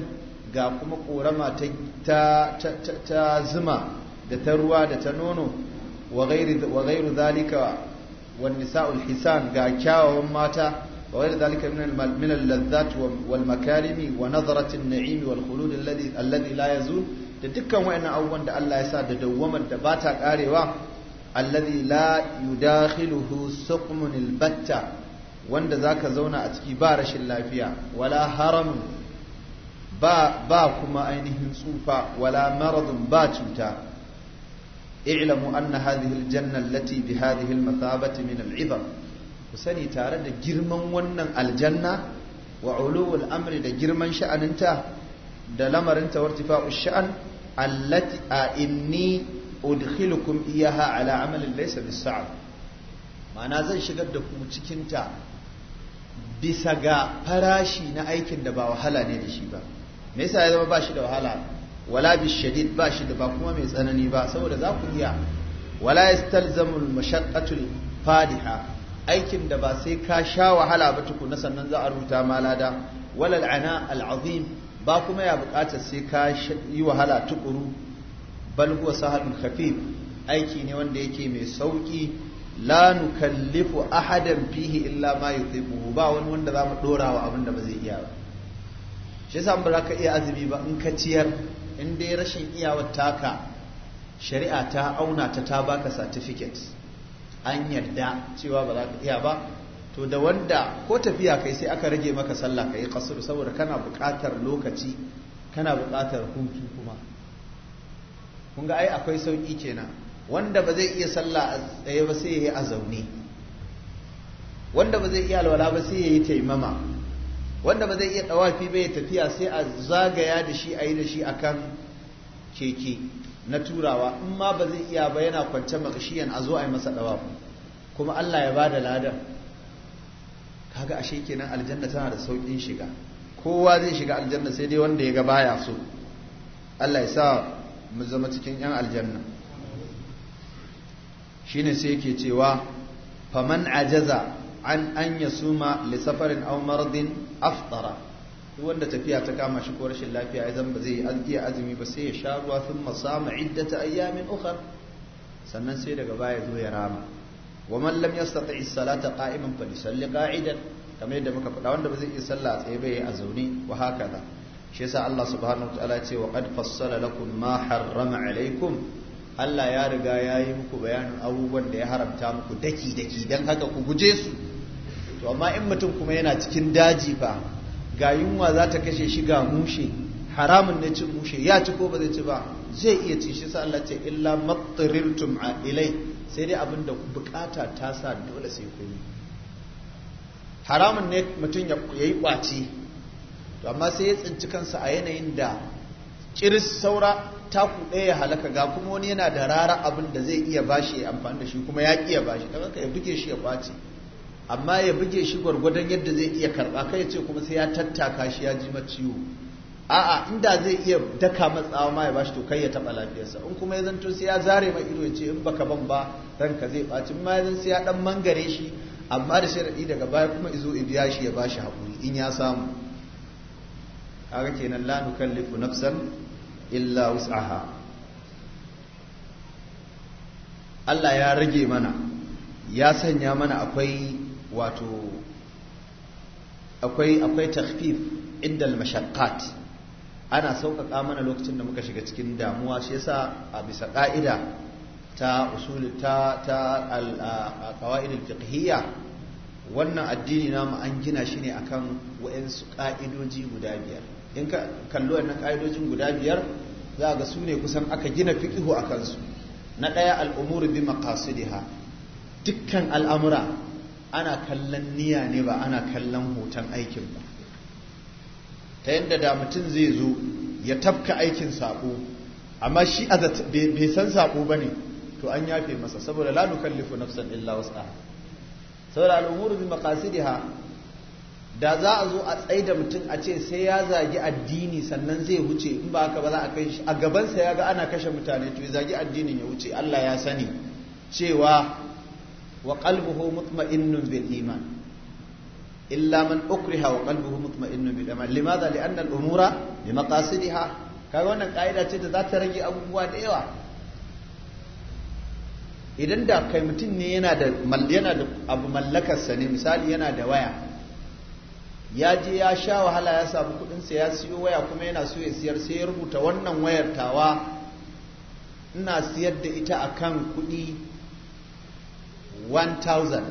ga kuma ƙorama ta zuma da ta ruwa da ta nono wa gairu zalika wa nisa'ul hisan ga kyawawan mata وغير ذلك من من اللذات والمكارم ونظرة النعيم والخلود الذي الذي لا يزول da dukkan wayannan abubuwan da Allah ya sa da dawwamar da ba ta karewa alladhi la yudakhiluhu suqmun albatta wanda zaka zauna a ciki ba rashin lafiya wala haramun ba kuma ainihin tsufa wala maradun ba cuta i'lamu anna hadhihi aljanna allati bi hadhihi almathabati min al'izam ku sani tare da girman wannan aljanna wa ulul amri da girman sha'aninta da lamarinta wartifa'u sha'an allati a inni udkhilukum iyaha ala amalin laysa bisa'ab ma'ana zan shigar da ku cikin ta bisa ga farashi na aikin da ba wahala ne da shi ba me yasa ya zama ba shi da wahala wala bishadid ba shi da ba kuma mai tsanani ba saboda za ku iya wala yastalzamu al fadiha aikin da ba sai ka sha wahala ba tukuna sannan za a rubuta ma lada walal ana al'azim ba kuma ya buƙatar sai ka yi wahala tukuru bal huwa sahalun khafif aiki ne wanda yake mai sauki la nukallifu ahadan fihi illa ma yutiquhu ba wani wanda zamu dora wa abin da ba zai iya ba shi yasa ba ka iya azumi ba in ka ciyar in dai rashin iyawar taka shari'a ta auna ta ta baka certificate an yarda cewa ba za ka iya ba to da wanda ko tafiya kai sai aka rage maka sallah kai kasuru saboda kana buƙatar lokaci kana buƙatar hutu kuma kun ga ai akwai sauki kenan wanda ba zai iya sallah a tsaye ba sai ya yi a zaune wanda ba zai iya alwala ba sai ya yi taimama wanda ba zai iya ɗawafi ba ya tafiya sai a zagaya da shi a yi da shi akan keke na turawa in ma ba zai iya ba yana kwance makashiyan a zo a yi masa dawafu kuma Allah ya bada ladan kaga ashe kenan aljanna tana da saukin shiga kowa zai shiga aljanna sai dai wanda ya ga baya so Allah ya sa mu zama cikin yan aljanna shine sai yake cewa faman ajaza an an yasuma li safarin aw aftara duk wanda tafiya ta kama shi ko rashin lafiya ya zamba zai iya azumi ba sai ya sha ruwa sun masama ta ayyamin ukhar sannan sai daga baya zo ya rama wa man lam yastati salata qa'iman fa yusalli qa'idan kamar yadda muka faɗa wanda ba zai iya sallah a tsaye ba ya zaune wa hakaza shi yasa Allah subhanahu wa ta'ala ya ce wa qad fassala lakum ma harrama alaykum Allah ya riga ya yi muku bayanin abubuwan da ya haramta muku daki-daki don haka ku guje su to amma in mutum kuma yana cikin daji fa ga yunwa za ta kashe shi ga mushe haramun ne cin mushe ya ci ko ba zai ci ba zai iya ci shi sa Allah ce illa a ilai sai dai abin da bukata ta sa dole sai ku yi haramun ne mutum ya yi kwaci to amma sai ya tsinci kansa a yanayin da kiris saura taku ɗaya ya halaka ga kuma wani yana da rara abin da zai iya bashi ya amfani da shi kuma ya iya bashi don haka ya buge shi ya kwaci. amma ya buge shi gwargwadon yadda zai iya karɓa kai ce kuma sai ya tattaka shi ya ji ciwo a'a inda zai iya daka matsawa ma ya bashi to kai ya taɓa lafiyarsa in kuma ya zanto sai ya zare mai ido ya ce in baka ban ba ranka zai ɓaci ma ya sai ya ɗan mangare shi amma da sharaɗi daga baya kuma izo ya biya shi ya bashi haƙuri in ya samu kaga kenan la nukallifu nafsan illa wus'aha Allah ya rage mana ya sanya mana akwai wato akwai akwai takhfif inda al-mashaqqat ana sauƙaƙa mana lokacin da muka shiga cikin damuwa shi yasa a bisa ƙa'ida ta usul ta ta al-qawaid al-fiqhiyya wannan addini namu an gina shi ne akan wa'ansu ƙa'idoji guda biyar in ka kallo wannan ƙa'idojin guda biyar za ga su ne kusan aka gina fiqhu akan su na ɗaya al-umuru bi maqasidiha dukkan al'amura ana kallon niyya ne ba ana kallon hoton aikin ba ta yadda da mutum zai zo ya tafka aikin saƙo amma shi a bai san saƙo ba ne to an yafe masa saboda la nukallifu nafsan illa wus'aha saboda al'umuru bi maqasidiha da za a zo a tsaye da mutum a ce sai ya zagi addini sannan zai wuce in ba haka ba za a kai shi a gabansa ya ga ana kashe mutane to ya zagi addinin ya wuce Allah ya sani cewa wa qalbuhu mutma'innun bil iman illa man ukriha wa qalbuhu mutma'innun bil iman limadha li'anna al umura bi maqasidiha kaga wannan kaida ce da za ta rage abubuwa da yawa idan da kai mutum ne yana da yana da abu mallakarsa ne misali yana da waya ya je ya sha wahala ya samu kuɗinsa ya siyo waya kuma yana so ya siyar sai ya rubuta wannan wayar tawa ina siyar da ita akan kuɗi 1000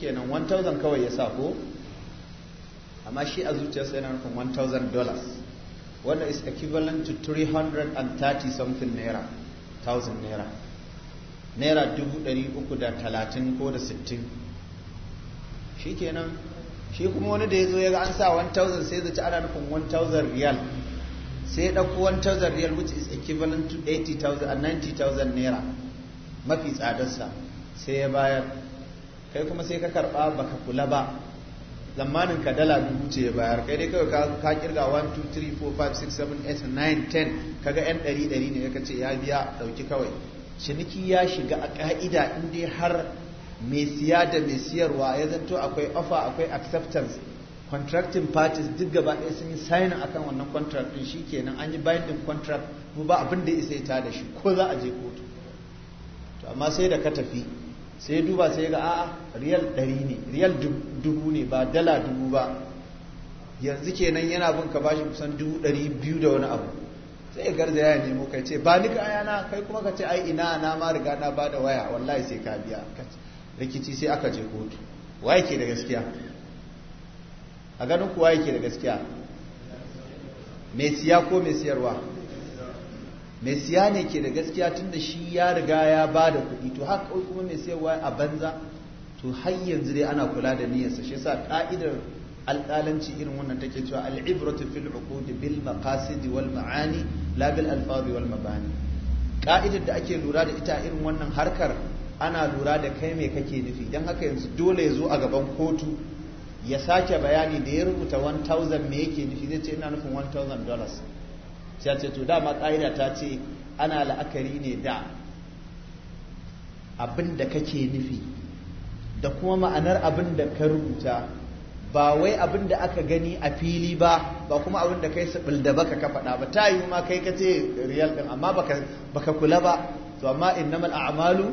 kenan 1000 kawai ya sa ko amma shi a zuciyarsa yana nufin 1000 dollars wanda is equivalent to 330 something naira 1000 naira naira 330 ko da 60 shi kenan shi kuma wani da ya zo ya ga an sa 1000 sai zaci ana nufin 1000 riyal sai ya ɗauko 1000 riyal which is equivalent to 80,000 90,000 naira mafi tsadarsa sai ya bayar kai kuma sai ka karba baka kula ba zamanin ka dala dubu ce ya bayar kai dai kawai ka kirga 1 2 3 4 5 6 7 8 9 10 kaga yan 100 100 ne ka ce ya biya ɗauki kawai ciniki ya shiga a ka'ida in dai har mai siya da mai siyarwa ya zanto akwai offer akwai acceptance contracting parties duk gaba ɗaya sun yi sign akan wannan contract din shikenan an yi binding contract mu ba abin da isa ya tada shi ko za a je kotu to amma sai da ka tafi sai duba sai ga a'a riyal ɗari ne riyal dubu ne ba dala dubu ba yanzu kenan yana bin ka bashi kusan dubu ɗari biyu da wani abu sai ya garza ya nemo kai ce ba ni kaya kai kuma ka ce ai ina na ma riga na da waya wallahi sai ka biya rikici sai aka je kotu wa ke da gaskiya a ganin kuwa yake da gaskiya mai siya ko mai siyarwa mai siya ne ke da gaskiya tun da shi ya riga ya ba da kuɗi to haka kuma mai siyarwa a banza to har yanzu dai ana kula da niyyarsa shi yasa ka'idar alƙalanci irin wannan take cewa al'ibratu fil uqud bil maqasid wal ma'ani la bil alfaz wal mabani ka'idar da ake lura da ita irin wannan harkar ana lura da kai me kake nufi dan haka yanzu dole ya zo a gaban kotu ya sake bayani da ya rubuta 1000 me yake nufi zai ce ina nufin 1000 dollars sai ce to dama ka'ida ta ce ana la'akari ne da abin da kake nufi da kuma ma'anar abin da ka rubuta ba wai abin da aka gani a fili ba ba kuma abin da kai sabil da baka ka faɗa ba ta yi ma kai ka ce riyal ɗin amma baka kula ba to amma innamal a'malu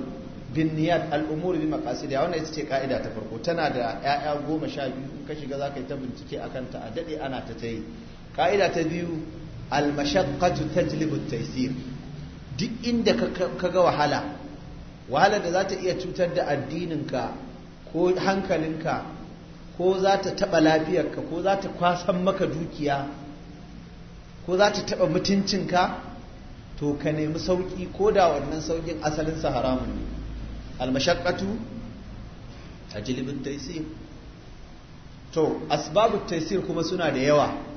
bin niyat al'umur bin maqasid ya wannan ita ce ka'ida ta farko tana da ‘ya'ya goma sha biyu ka shiga za ka ta bincike a kanta a daɗe ana ta ta yi ka'ida ta biyu almashakatu tajlibu taysir duk inda ka ga wahala wahala da za ta iya cutar da addininka ko hankalinka ko za ta taɓa lafiyarka ko za ta kwasan maka dukiya ko za ta taɓa mutuncinka to ka nemi sauƙi ko da wannan sauƙin asalinsa haramun ne ta tajlibu taysir to asbabu taysir kuma suna da yawa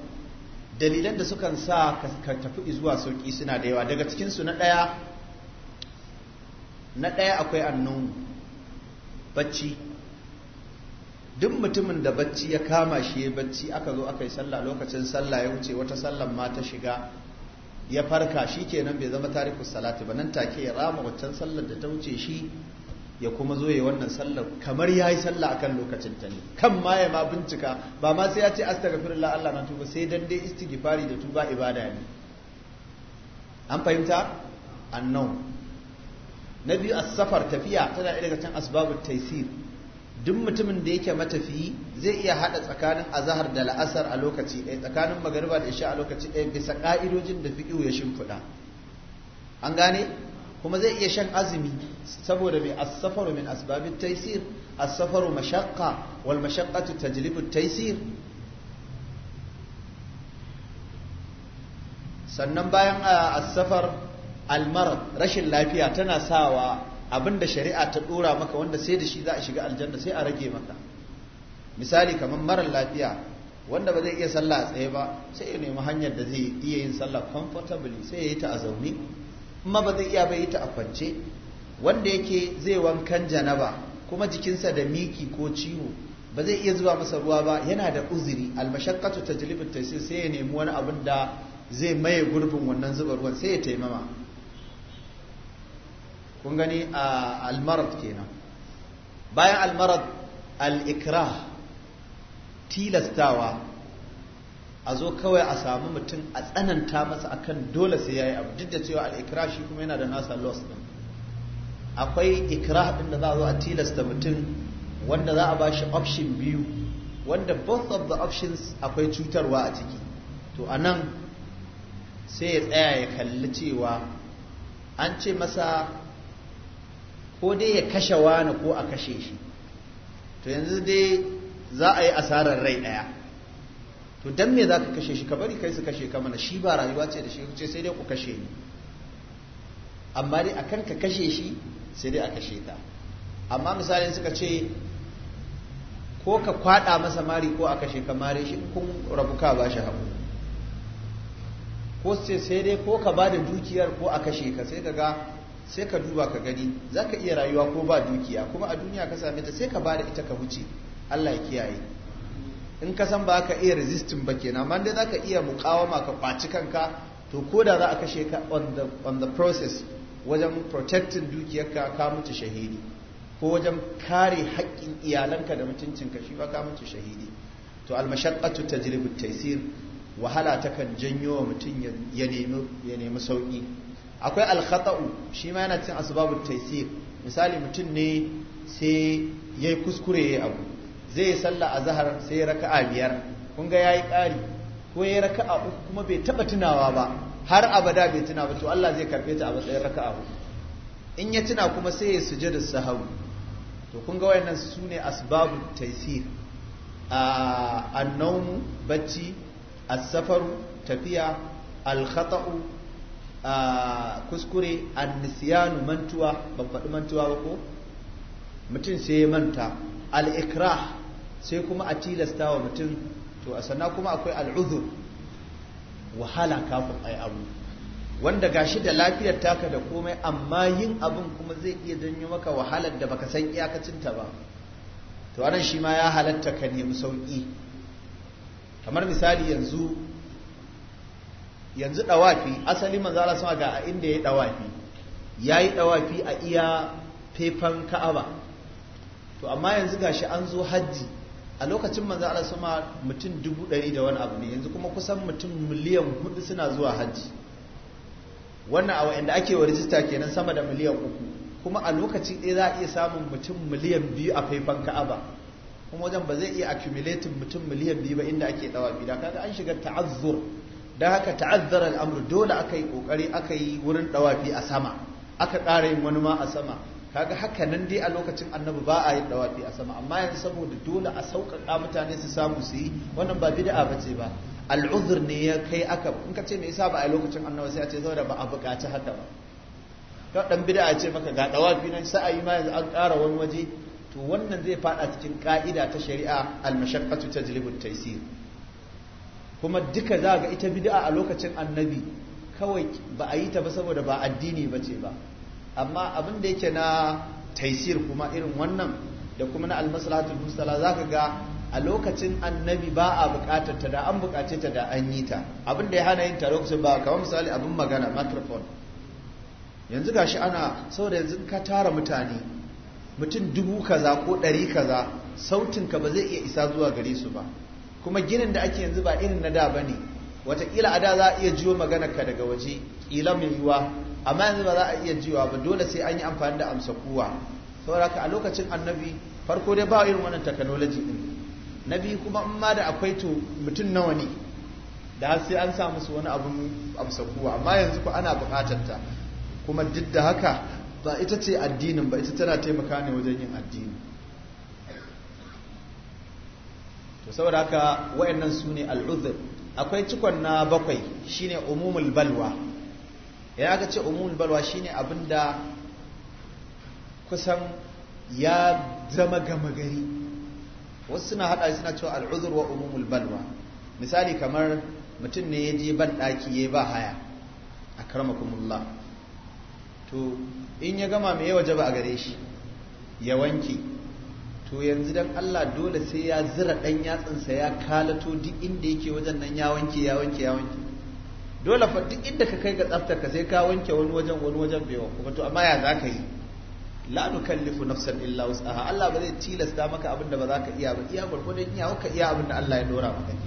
dalilan da sukan sa ka tafi zuwa sauki suna da yawa daga cikinsu na ɗaya na ɗaya akwai annon bacci duk mutumin da bacci ya kama shi ya bacci aka zo aka yi sallah lokacin sallah ya wuce wata sallar ma ta shiga ya farka shi kenan bai zama tarikus salati ba nan take ya rama waccan sallar da ta wuce shi ya kuma zo ya wannan sallar kamar ya yi sallah a kan lokacin ta ne kan ma ya ma bincika ba ma sai ya ce firin Allah na tuba sai dan dai istighfari da tuba ibada ne an fahimta annau na biyu a safar tafiya tana ɗaya daga cikin asbabut taysir duk mutumin da yake matafiyi zai iya hada tsakanin azahar da la'asar a lokaci ɗaya tsakanin magariba da isha a lokaci ɗaya bisa ƙa'idojin da fiƙiyu ya shimfiɗa an gane kuma zai iya shan azumi saboda mai asafaru min asbabin taisir asafaru mashakka wal mashakkatu tajlibu taisir sannan bayan asafar almarar rashin lafiya tana sawa abinda shari'a ta dora maka wanda sai da shi za a shiga aljanna sai a rage maka misali kamar marar lafiya wanda ba zai iya sallah a tsaye ba sai ya nemi hanyar da zai iya yin sallah comfortably sai ya yi ta a zaune kuma ba zai iya bai ita a kwance wanda yake zai wankan janaba kuma jikinsa da miki ko ciwo ba zai iya zuwa masa ruwa ba yana da uzuri ta jilibin ta sai ya nemi wani abin da zai maye gurbin wannan zuba ruwan sai ya taimama kun gani a almarad kenan bayan almarad al-ikrah tilastawa a zo kawai a samu mutum a tsananta masa akan dole sai yayi abu duk da cewa al-ikrah shi kuma yana da nasa loss din akwai ikrah din da za a zo a tilasta mutum wanda za a ba shi option biyu wanda both of the options akwai cutarwa a ciki to anan sai ya tsaya ya kalli cewa an ce masa ko dai ya kashe wani ko a kashe shi to yanzu dai za a yi asarar rai ɗaya to dan me za ka kashe shi ka bari kai su kashe ka mana shi ba rayuwa ce da shi ce sai dai ku kashe ni amma dai akan ka kashe shi sai dai a kashe ta amma misalin suka ce ko ka kwada masa mari ko a kashe ka mare shi kun rabu ka ba shi haƙu ko sai dai ko ka ba da dukiyar ko a kashe ka sai ka ga sai ka duba ka gani za ka iya rayuwa ko ba dukiya kuma a duniya ka same ta sai ka ba da ita ka wuce Allah ya kiyaye in ka san ba ka iya resistin ba kenan amma dai ka iya mukawama ka kwaci kanka to ko da za a kashe ka on the process wajen protecting dukiyarka ka mutu shahidi ko wajen kare haƙƙin iyalanka da mutuncinka shi ba ka mutu shahidi to almashaqqatu tajlibu taysir wahala takan janyo wa mutum ya nemi sauƙi. akwai alkhata'u shi ma yana cin asbabut taysir misali mutum ne sai yayi kuskure yayi abu zai yi sallah a zahar sai ya raka a biyar Kunga ga yi ƙari ko ya raka a uku kuma bai taɓa tunawa ba har abada bai tuna ba to Allah zai karfe ta a matsayin raka'a uku in ya tuna kuma sai ya suje sujada sahau to kunga ga wayannan su ne asbabu taisir a annawmu bacci asafaru tafiya al a kuskure an mantuwa ban faɗi mantuwa ba ko mutum sai ya manta al-ikrah sai kuma a tilasta wa mutum to a sannan kuma akwai al'udur wahala kafin a yi abu wanda gashi da lafiyar taka da komai amma yin abin kuma zai iya janyo maka wahalar da baka san iyakacinta ba to anan shi ma ya halatta ka nemi sauƙi kamar misali yanzu yanzu dawafi asali manzo Allah sama ga inda yayi dawafi yayi dawafi a iya fefan Ka'aba to amma yanzu gashi an zo haji a lokacin manzo Allah sama mutum dubu ɗari da wani abu ne yanzu kuma kusan mutum miliyan hudu suna zuwa hajji wannan a wa'anda ake wa rijista kenan sama da miliyan uku kuma a lokacin ɗaya za a iya samun mutum miliyan biyu a faifan ka'aba kuma wajen ba zai iya accumulating mutum miliyan biyu ba inda ake ɗawa da kaga an shiga ta'azzur da haka ta'azzara al'amur dole aka yi ƙoƙari aka yi wurin ɗawafi a sama aka ƙara yin wani ma a sama kaga haka nan dai a lokacin annabi ba a yin dawafi a sama amma yanzu saboda dole a sauƙaƙa mutane su samu su yi wannan ba bid'a bace ba al'uzur ne ya kai aka in ka ce me yasa ba a lokacin annabi sai a ce saboda ba a buƙaci haka ba to dan bid'a ce maka ga dawafi nan yi ma yanzu an ƙara wani waje to wannan zai faɗa cikin ka'ida ta shari'a al-mashaqqatu tajlibu at-taysir kuma duka za ga ita bid'a a lokacin annabi kawai ba a yi ta ba saboda ba addini bace ba amma abin da yake na taisir kuma irin wannan da kuma na almaslahatul mustala zaka ga a lokacin annabi ba a bukatar ta da an bukace ta da an yi ta abin da ya hana yin ta lokacin ba kamar misali abin magana microphone yanzu gashi ana saboda yanzu ka tara mutane mutum dubu kaza ko ɗari kaza sautin ka ba zai iya isa zuwa gare su ba kuma ginin da ake yanzu ba irin na da bane wataƙila a da za a iya jiwo magana ka daga waje ƙila mai yiwa amma yanzu ba za a iya jiwa ba dole sai an yi amfani da amsa kuwa saboda a lokacin annabi farko dai ba irin wannan technology din na biyu kuma in ma da akwai to mutum nawa ne da har sai an sa musu wani abun amsa kuwa amma yanzu ko ana bukatar ta kuma duk haka ba ita ce addinin ba ita tana taimaka ne wajen yin addini to saboda haka wayannan su ne al'uzur akwai cikon na bakwai shine umumul balwa ya aka ce umul balwa shine abinda kusan ya zama gama gari wasu suna hada suna cewa al'uzur wa umul balwa misali kamar mutum ne ya je ban daki ya ba haya a to in ya gama me ya waje ba a gare shi ya wanke to yanzu dan Allah dole sai ya zira dan yatsinsa ya kalato duk inda yake wajen nan ya wanke ya wanke ya wanke dole fa duk inda ka kai ga tsaftar ka sai ka wanke wani wajen wani wajen bai wanku to amma ya zaka yi la nukallifu nafsan illa wus'aha Allah ba zai tilasta maka abin da ba za ka iya ba iya gurgurdan iya ka iya abin da Allah ya dora maka ne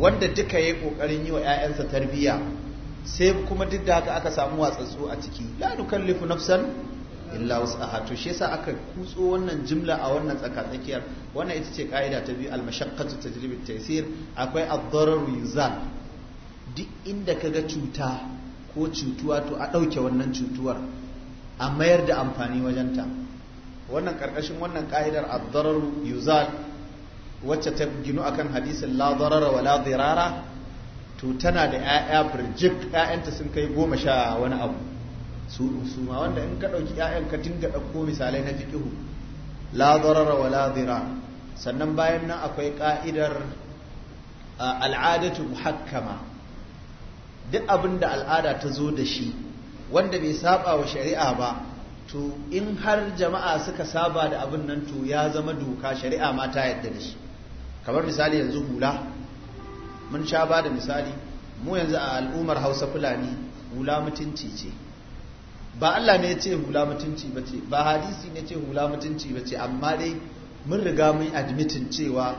wanda duka yayi kokarin yi wa ƴaƴansa tarbiyya sai kuma duk da haka aka samu watsatsu a ciki la nukallifu nafsan illa a hatu shi yasa aka kutso wannan jimla a wannan tsakatsakiyar wannan ita ce ka'ida ta biyu al ta jirgin taysir akwai ad-darar duk inda kaga cuta ko cutuwa to a ɗauke wannan cutuwar a mayar da amfani wajenta wannan karkashin wannan ka'idar ad-darar wacce ta ginu akan hadisin la darara wa la to tana da 'ya'ya birjik 'ya'yanta sun kai goma sha wani abu su suma wanda in ka ɗauki 'ya'yan ka dinga ɗauko misalai na fiƙihu la darara wa la dira sannan bayan nan akwai ƙa'idar al'adatu muhakkama duk abin da al'ada ta zo da shi wanda bai saba wa shari'a ba to in har jama'a suka saba da abin nan to ya zama doka shari'a ma ta yadda da shi kamar misali yanzu hula mun sha ba da misali mu yanzu a al'ummar hausa fulani hula mutunci ce ba Allah ne ya ce hula mutunci ba ce ba hadisi ne ce hula mutunci ba ce amma dai mun riga mun admitin cewa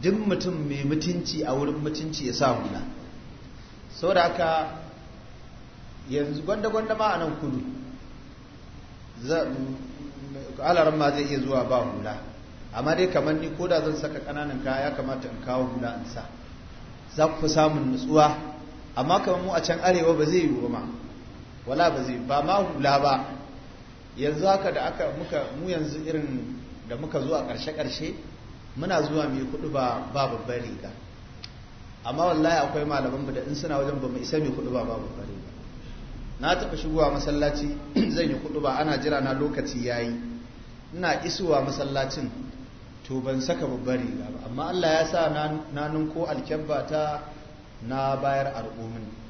duk mutum mai mutunci a wurin mutunci ya sa hula saboda haka yanzu gwanda-gwanda ma a nan kudu alaran ma zai iya zuwa ba hula amma dai kamar ni ko da zan saka kananan kaya ya kamata in kawo hula in sa za ku fi samun nutsuwa amma kamar mu a can arewa ba zai yiwu ba wala ba zai ba ma hula ba yanzu haka da aka muka mu yanzu irin da muka zuwa ƙarshe-ƙarshe muna zuwa mai kudu ba ba babban riga amma wallahi akwai malaman mu da in suna wajen ba mu isa mai kudu ba ba babban riga na taɓa shigowa masallaci zan yi kudu ba ana jira na lokaci yayi ina isuwa masallacin to ban saka babban riga ba amma Allah ya sa na ninko alkyabba ta na bayar al'umin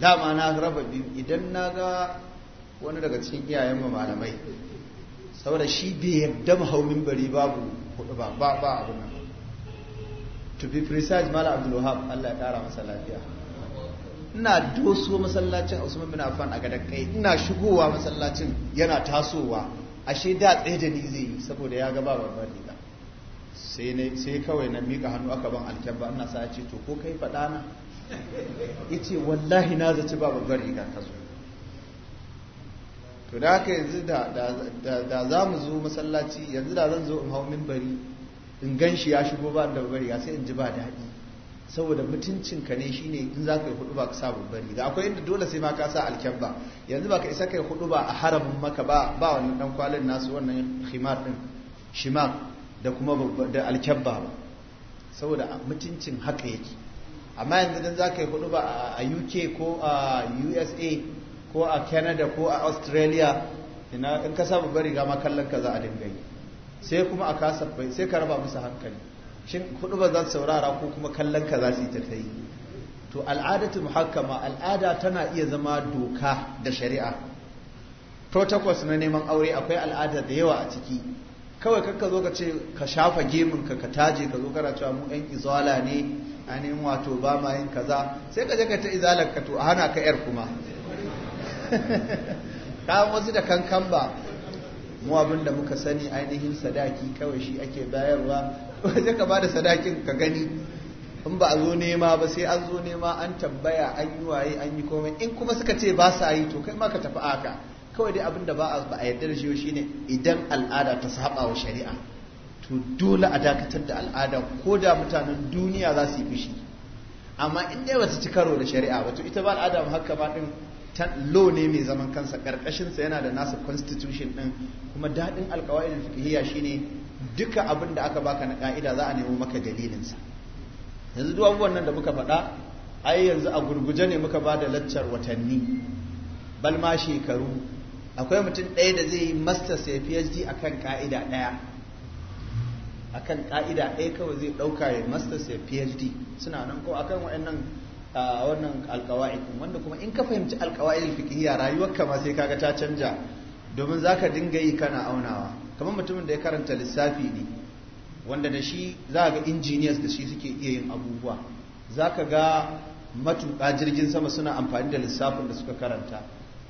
dama na raba biyu idan na ga wani daga cikin iyayen malamai saboda shi bai yarda mahaumin bari babu hudu ba ba ba abu nan to be precise mala abdul wahab Allah ya kara masa lafiya ina doso masallacin Usman bin Affan a gadan kai ina shigowa masallacin yana tasowa ashe da tsaye da ni zai yi saboda ya ga ba babban riga sai kawai na mika hannu aka ban alkyabba ina sa ce to ko kai faɗa na yace wallahi na zaci ba babbar riga ta zo to da haka yanzu da za mu zo masallaci yanzu da zan zo in hau bari, in gan shi ya shigo ba da babbar riga sai in ji ba daɗi saboda ka ne shine in za ka yi hudu ba ka sa babbar riga akwai inda dole sai ma ka sa alkyabba yanzu ba ka isa kai hudu ba a haramin maka ba ba wannan dan kwalin nasu wannan himar din shima da kuma da alkyabba ba saboda mutuncin haka yake amma yanzu za ka yi hudu ba a UK ko a USA ko a Canada ko a Australia ina in ka saba bari riga kallon ka za a dinga yi sai kuma a kasa bai sai ka raba musu hankali shin hudu ba za su saurara ko kuma kallon ka za su yi ta yi to al'adatu muhakkama al'ada tana iya zama doka da shari'a protocols na neman aure akwai al'ada da yawa a ciki kawai kanka zo ka ce ka shafa gemun ka ka taje ka zo kana cewa mu yan izola ne ani wato ba ma yin kaza sai ka je ka ta izalar ka to a hana ka yar kuma ka wasu da kankan ba mu abin da muka sani ainihin sadaki kawai shi ake bayarwa waje ka bada sadakin ka gani in ba a zo nema ba sai an zo nema an tambaya an yi waye an yi komai in kuma suka ce ba sa yi to kai ma ka tafi aka kawai dai abin da ba a yarda da shi shine idan al'ada ta saba wa shari'a to dole a dakatar da al'ada ko da mutanen duniya za su yi fushi amma in dai bata ci karo da shari'a ba to ita ba al'ada mu haka ma din lo ne mai zaman kansa karkashin sa yana da nasa constitution din kuma dadin alqawaid al-fiqhiyya shine duka abin da aka baka na ka'ida za a nemo maka dalilin sa yanzu duk abubuwan nan da muka faɗa ai yanzu a gurguje ne muka ba da laccar watanni Balma shekaru akwai mutum ɗaya da zai yi masters ya phd akan ka'ida ɗaya akan ka'ida ɗaya kawai zai ɗauka ya masters ya phd suna nan ko akan wa'annan a wannan alkawa'id wanda kuma in ka fahimci alkawa'id fiqhiyya rayuwarka ma sai kaga ta canja domin zaka dinga yi kana aunawa kamar mutumin da ya karanta lissafi ne wanda da shi za ga engineers da shi suke iya yin abubuwa za ka ga matuƙa jirgin sama suna amfani da lissafin da suka karanta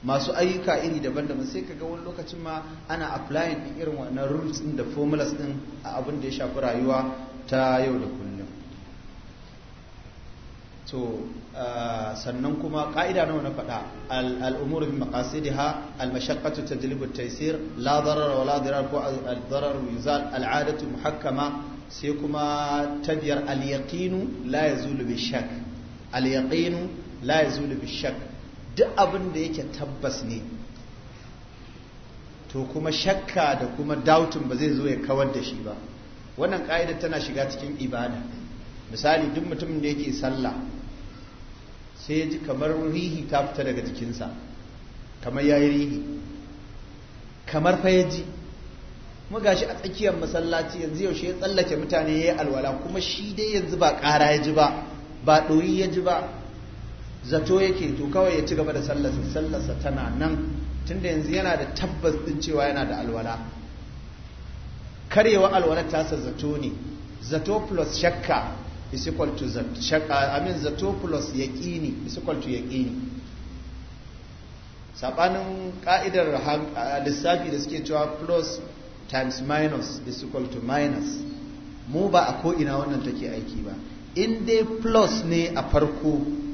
masu ayyuka iri daban-daban sai ga wani lokacin ma ana applying din irin wannan rules din da formulas din a abin da ya shafi rayuwa ta yau da kullum to sannan kuma ka'ida nawa na faɗa al'umur bi maqasidiha al-mashaqqatu tajlibu at-taysir la darara wa dirar ko al-darar yuzal al-'adatu muhakkama sai kuma ta biyar al-yaqinu la yazulu bi shakk al-yaqinu la yazulu bi shakk duk abin da yake tabbas ne to kuma shakka da kuma dautin ba zai zo ya kawar da shi ba wannan ka'idar tana shiga cikin ibada misali duk mutum da yake sallah sai ya ji kamar rihi ta fita daga jikinsa kamar ya yi rihi kamar fa ya ji kuma gashi a tsakiyar masallaci yanzu yaushe ya tsallake mutane ya yi alwala kuma shi dai yanzu ba ƙara ya ji ba ba ɗoyi ya ji ba zato yake to kawai ya ci gaba da sallarsa sallarsa tana nan tunda yanzu yana da tabbas din cewa yana da alwala karyewa alwala tasa zato ne zato plus shakka is equal to shakka amin zato plus yaqini is equal to yaqini sabanin ka'idar lissafi da suke cewa plus times minus is equal to minus mu ba a ko ina wannan take aiki ba in dai plus ne a farko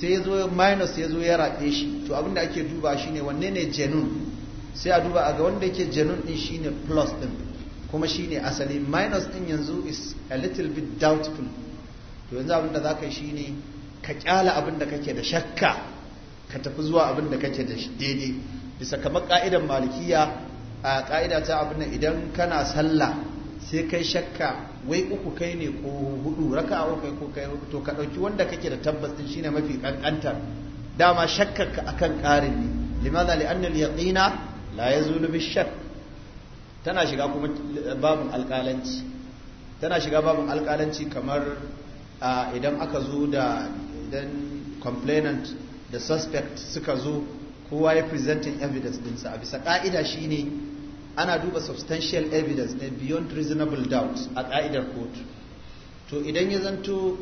sai ya zo minus ya zo ya rafe shi to abinda ake duba shi ne wanne ne janun sai a duba a ga wanda yake janun din shi ne plus din kuma shi ne asali minus din yanzu is a little bit doubtful to yanzu abinda za ka yi ne, ka kyala abinda kake da shakka ka tafi zuwa abinda kake da daidai bisa kamar ka'idan malikiya a ka'ida ta abin nan idan kana sallah sai kai shakka wai uku kai ne ko hudu raka uku kai ko kai hudu to ka ɗauki wanda kake da tabbas din shine mafi kankanta dama shakkar ka akan ƙarin ne limaza li annal yaqina la yazulu bi shakk tana shiga kuma babin alƙalanci tana shiga babun alƙalanci kamar idan aka zo da idan complainant da suspect suka zo kowa ya presenting evidence dinsa a bisa ka'ida shine ana duba substantial evidence ne beyond reasonable doubt a ka'idar kotu to idan ya zanto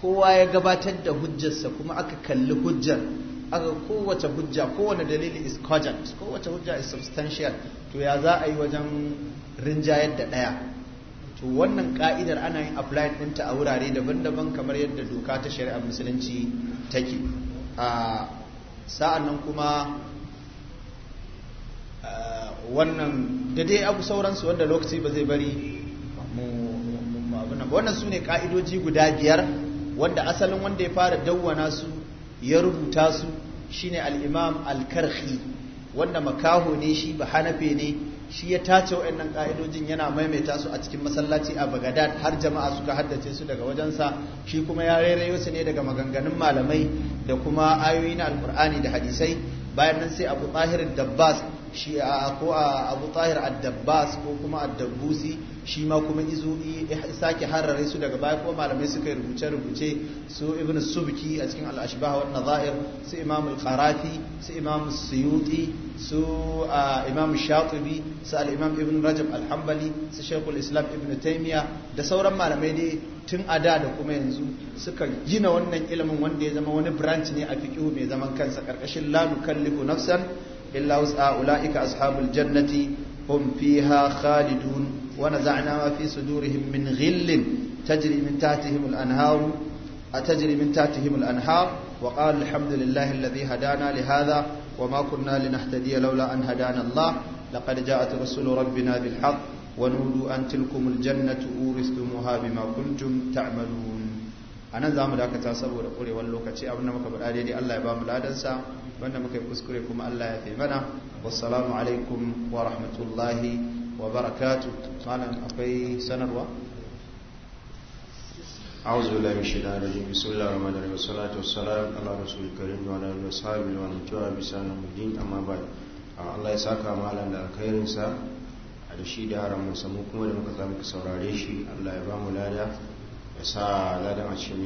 kowa ya gabatar da hujjarsa kuma aka kalli hujjar aka kowace hujja kowane dalili is cogent kowace hujja is substantial to ya za a yi wajen rinjayar da ɗaya to wannan ka'idar ana yin apply ɗinta a wurare daban-daban kamar yadda doka ta shari'ar musulunci take ah, sa'an nan kuma wannan da dai abu sauransu wanda lokaci ba zai bari mu wannan su ne ka'idoji guda biyar wanda asalin wanda ya fara dawwana su ya rubuta su shine al'imam al-karhi wanda makaho ne shi ba hanafe ne shi ya tace nan ka'idojin yana maimaita su a cikin masallaci a bagadad har jama'a suka haddace su daga wajensa shi kuma ya rairayo su ne daga maganganun malamai da kuma ayoyi na alkur'ani da hadisai bayan nan sai abu tahir dabbas shi ko a abu tahir addabbas ko kuma addabbusi shi ma kuma izu sake harare su daga baya kuma malamai suka yi rubuce-rubuce su ibn subki a cikin al'ashbah wa nazair su imam al-qarafi su imam suyuti su imam shatibi su al-imam ibn rajab al hambali su shekul islam ibn taimiya da sauran malamai ne tun a da da kuma yanzu suka gina wannan ilimin wanda ya zama wani branch ne a fiƙihu mai zaman kansa karkashin Lalu, nukallifu nafsan إلا وسعى أولئك أصحاب الجنة هم فيها خالدون ونزعنا ما في صدورهم من غل تجري من تحتهم الأنهار أتجري من تحتهم الأنهار وقال الحمد لله الذي هدانا لهذا وما كنا لنهتدي لولا أن هدانا الله لقد جاءت رسول ربنا بالحق ونودوا أن تلكم الجنة أورثتموها بما كنتم تعملون أنا زامدك تاسبوا لقولي واللوكة أبنى مكبر آلي الله يبام لادنسا wanda muka yi kuskure kuma Allah ya fi mana wassalamu alaikum wa rahmatullahi wa barakatu malam akwai sanarwa أعوذ بالله من الشيطان الرجيم بسم الله الرحمن Allah ya saka malam da alkhairinsa da shi da samu kuma da muka samu saurare shi Allah ya ba mu lada ya sa lada a cikin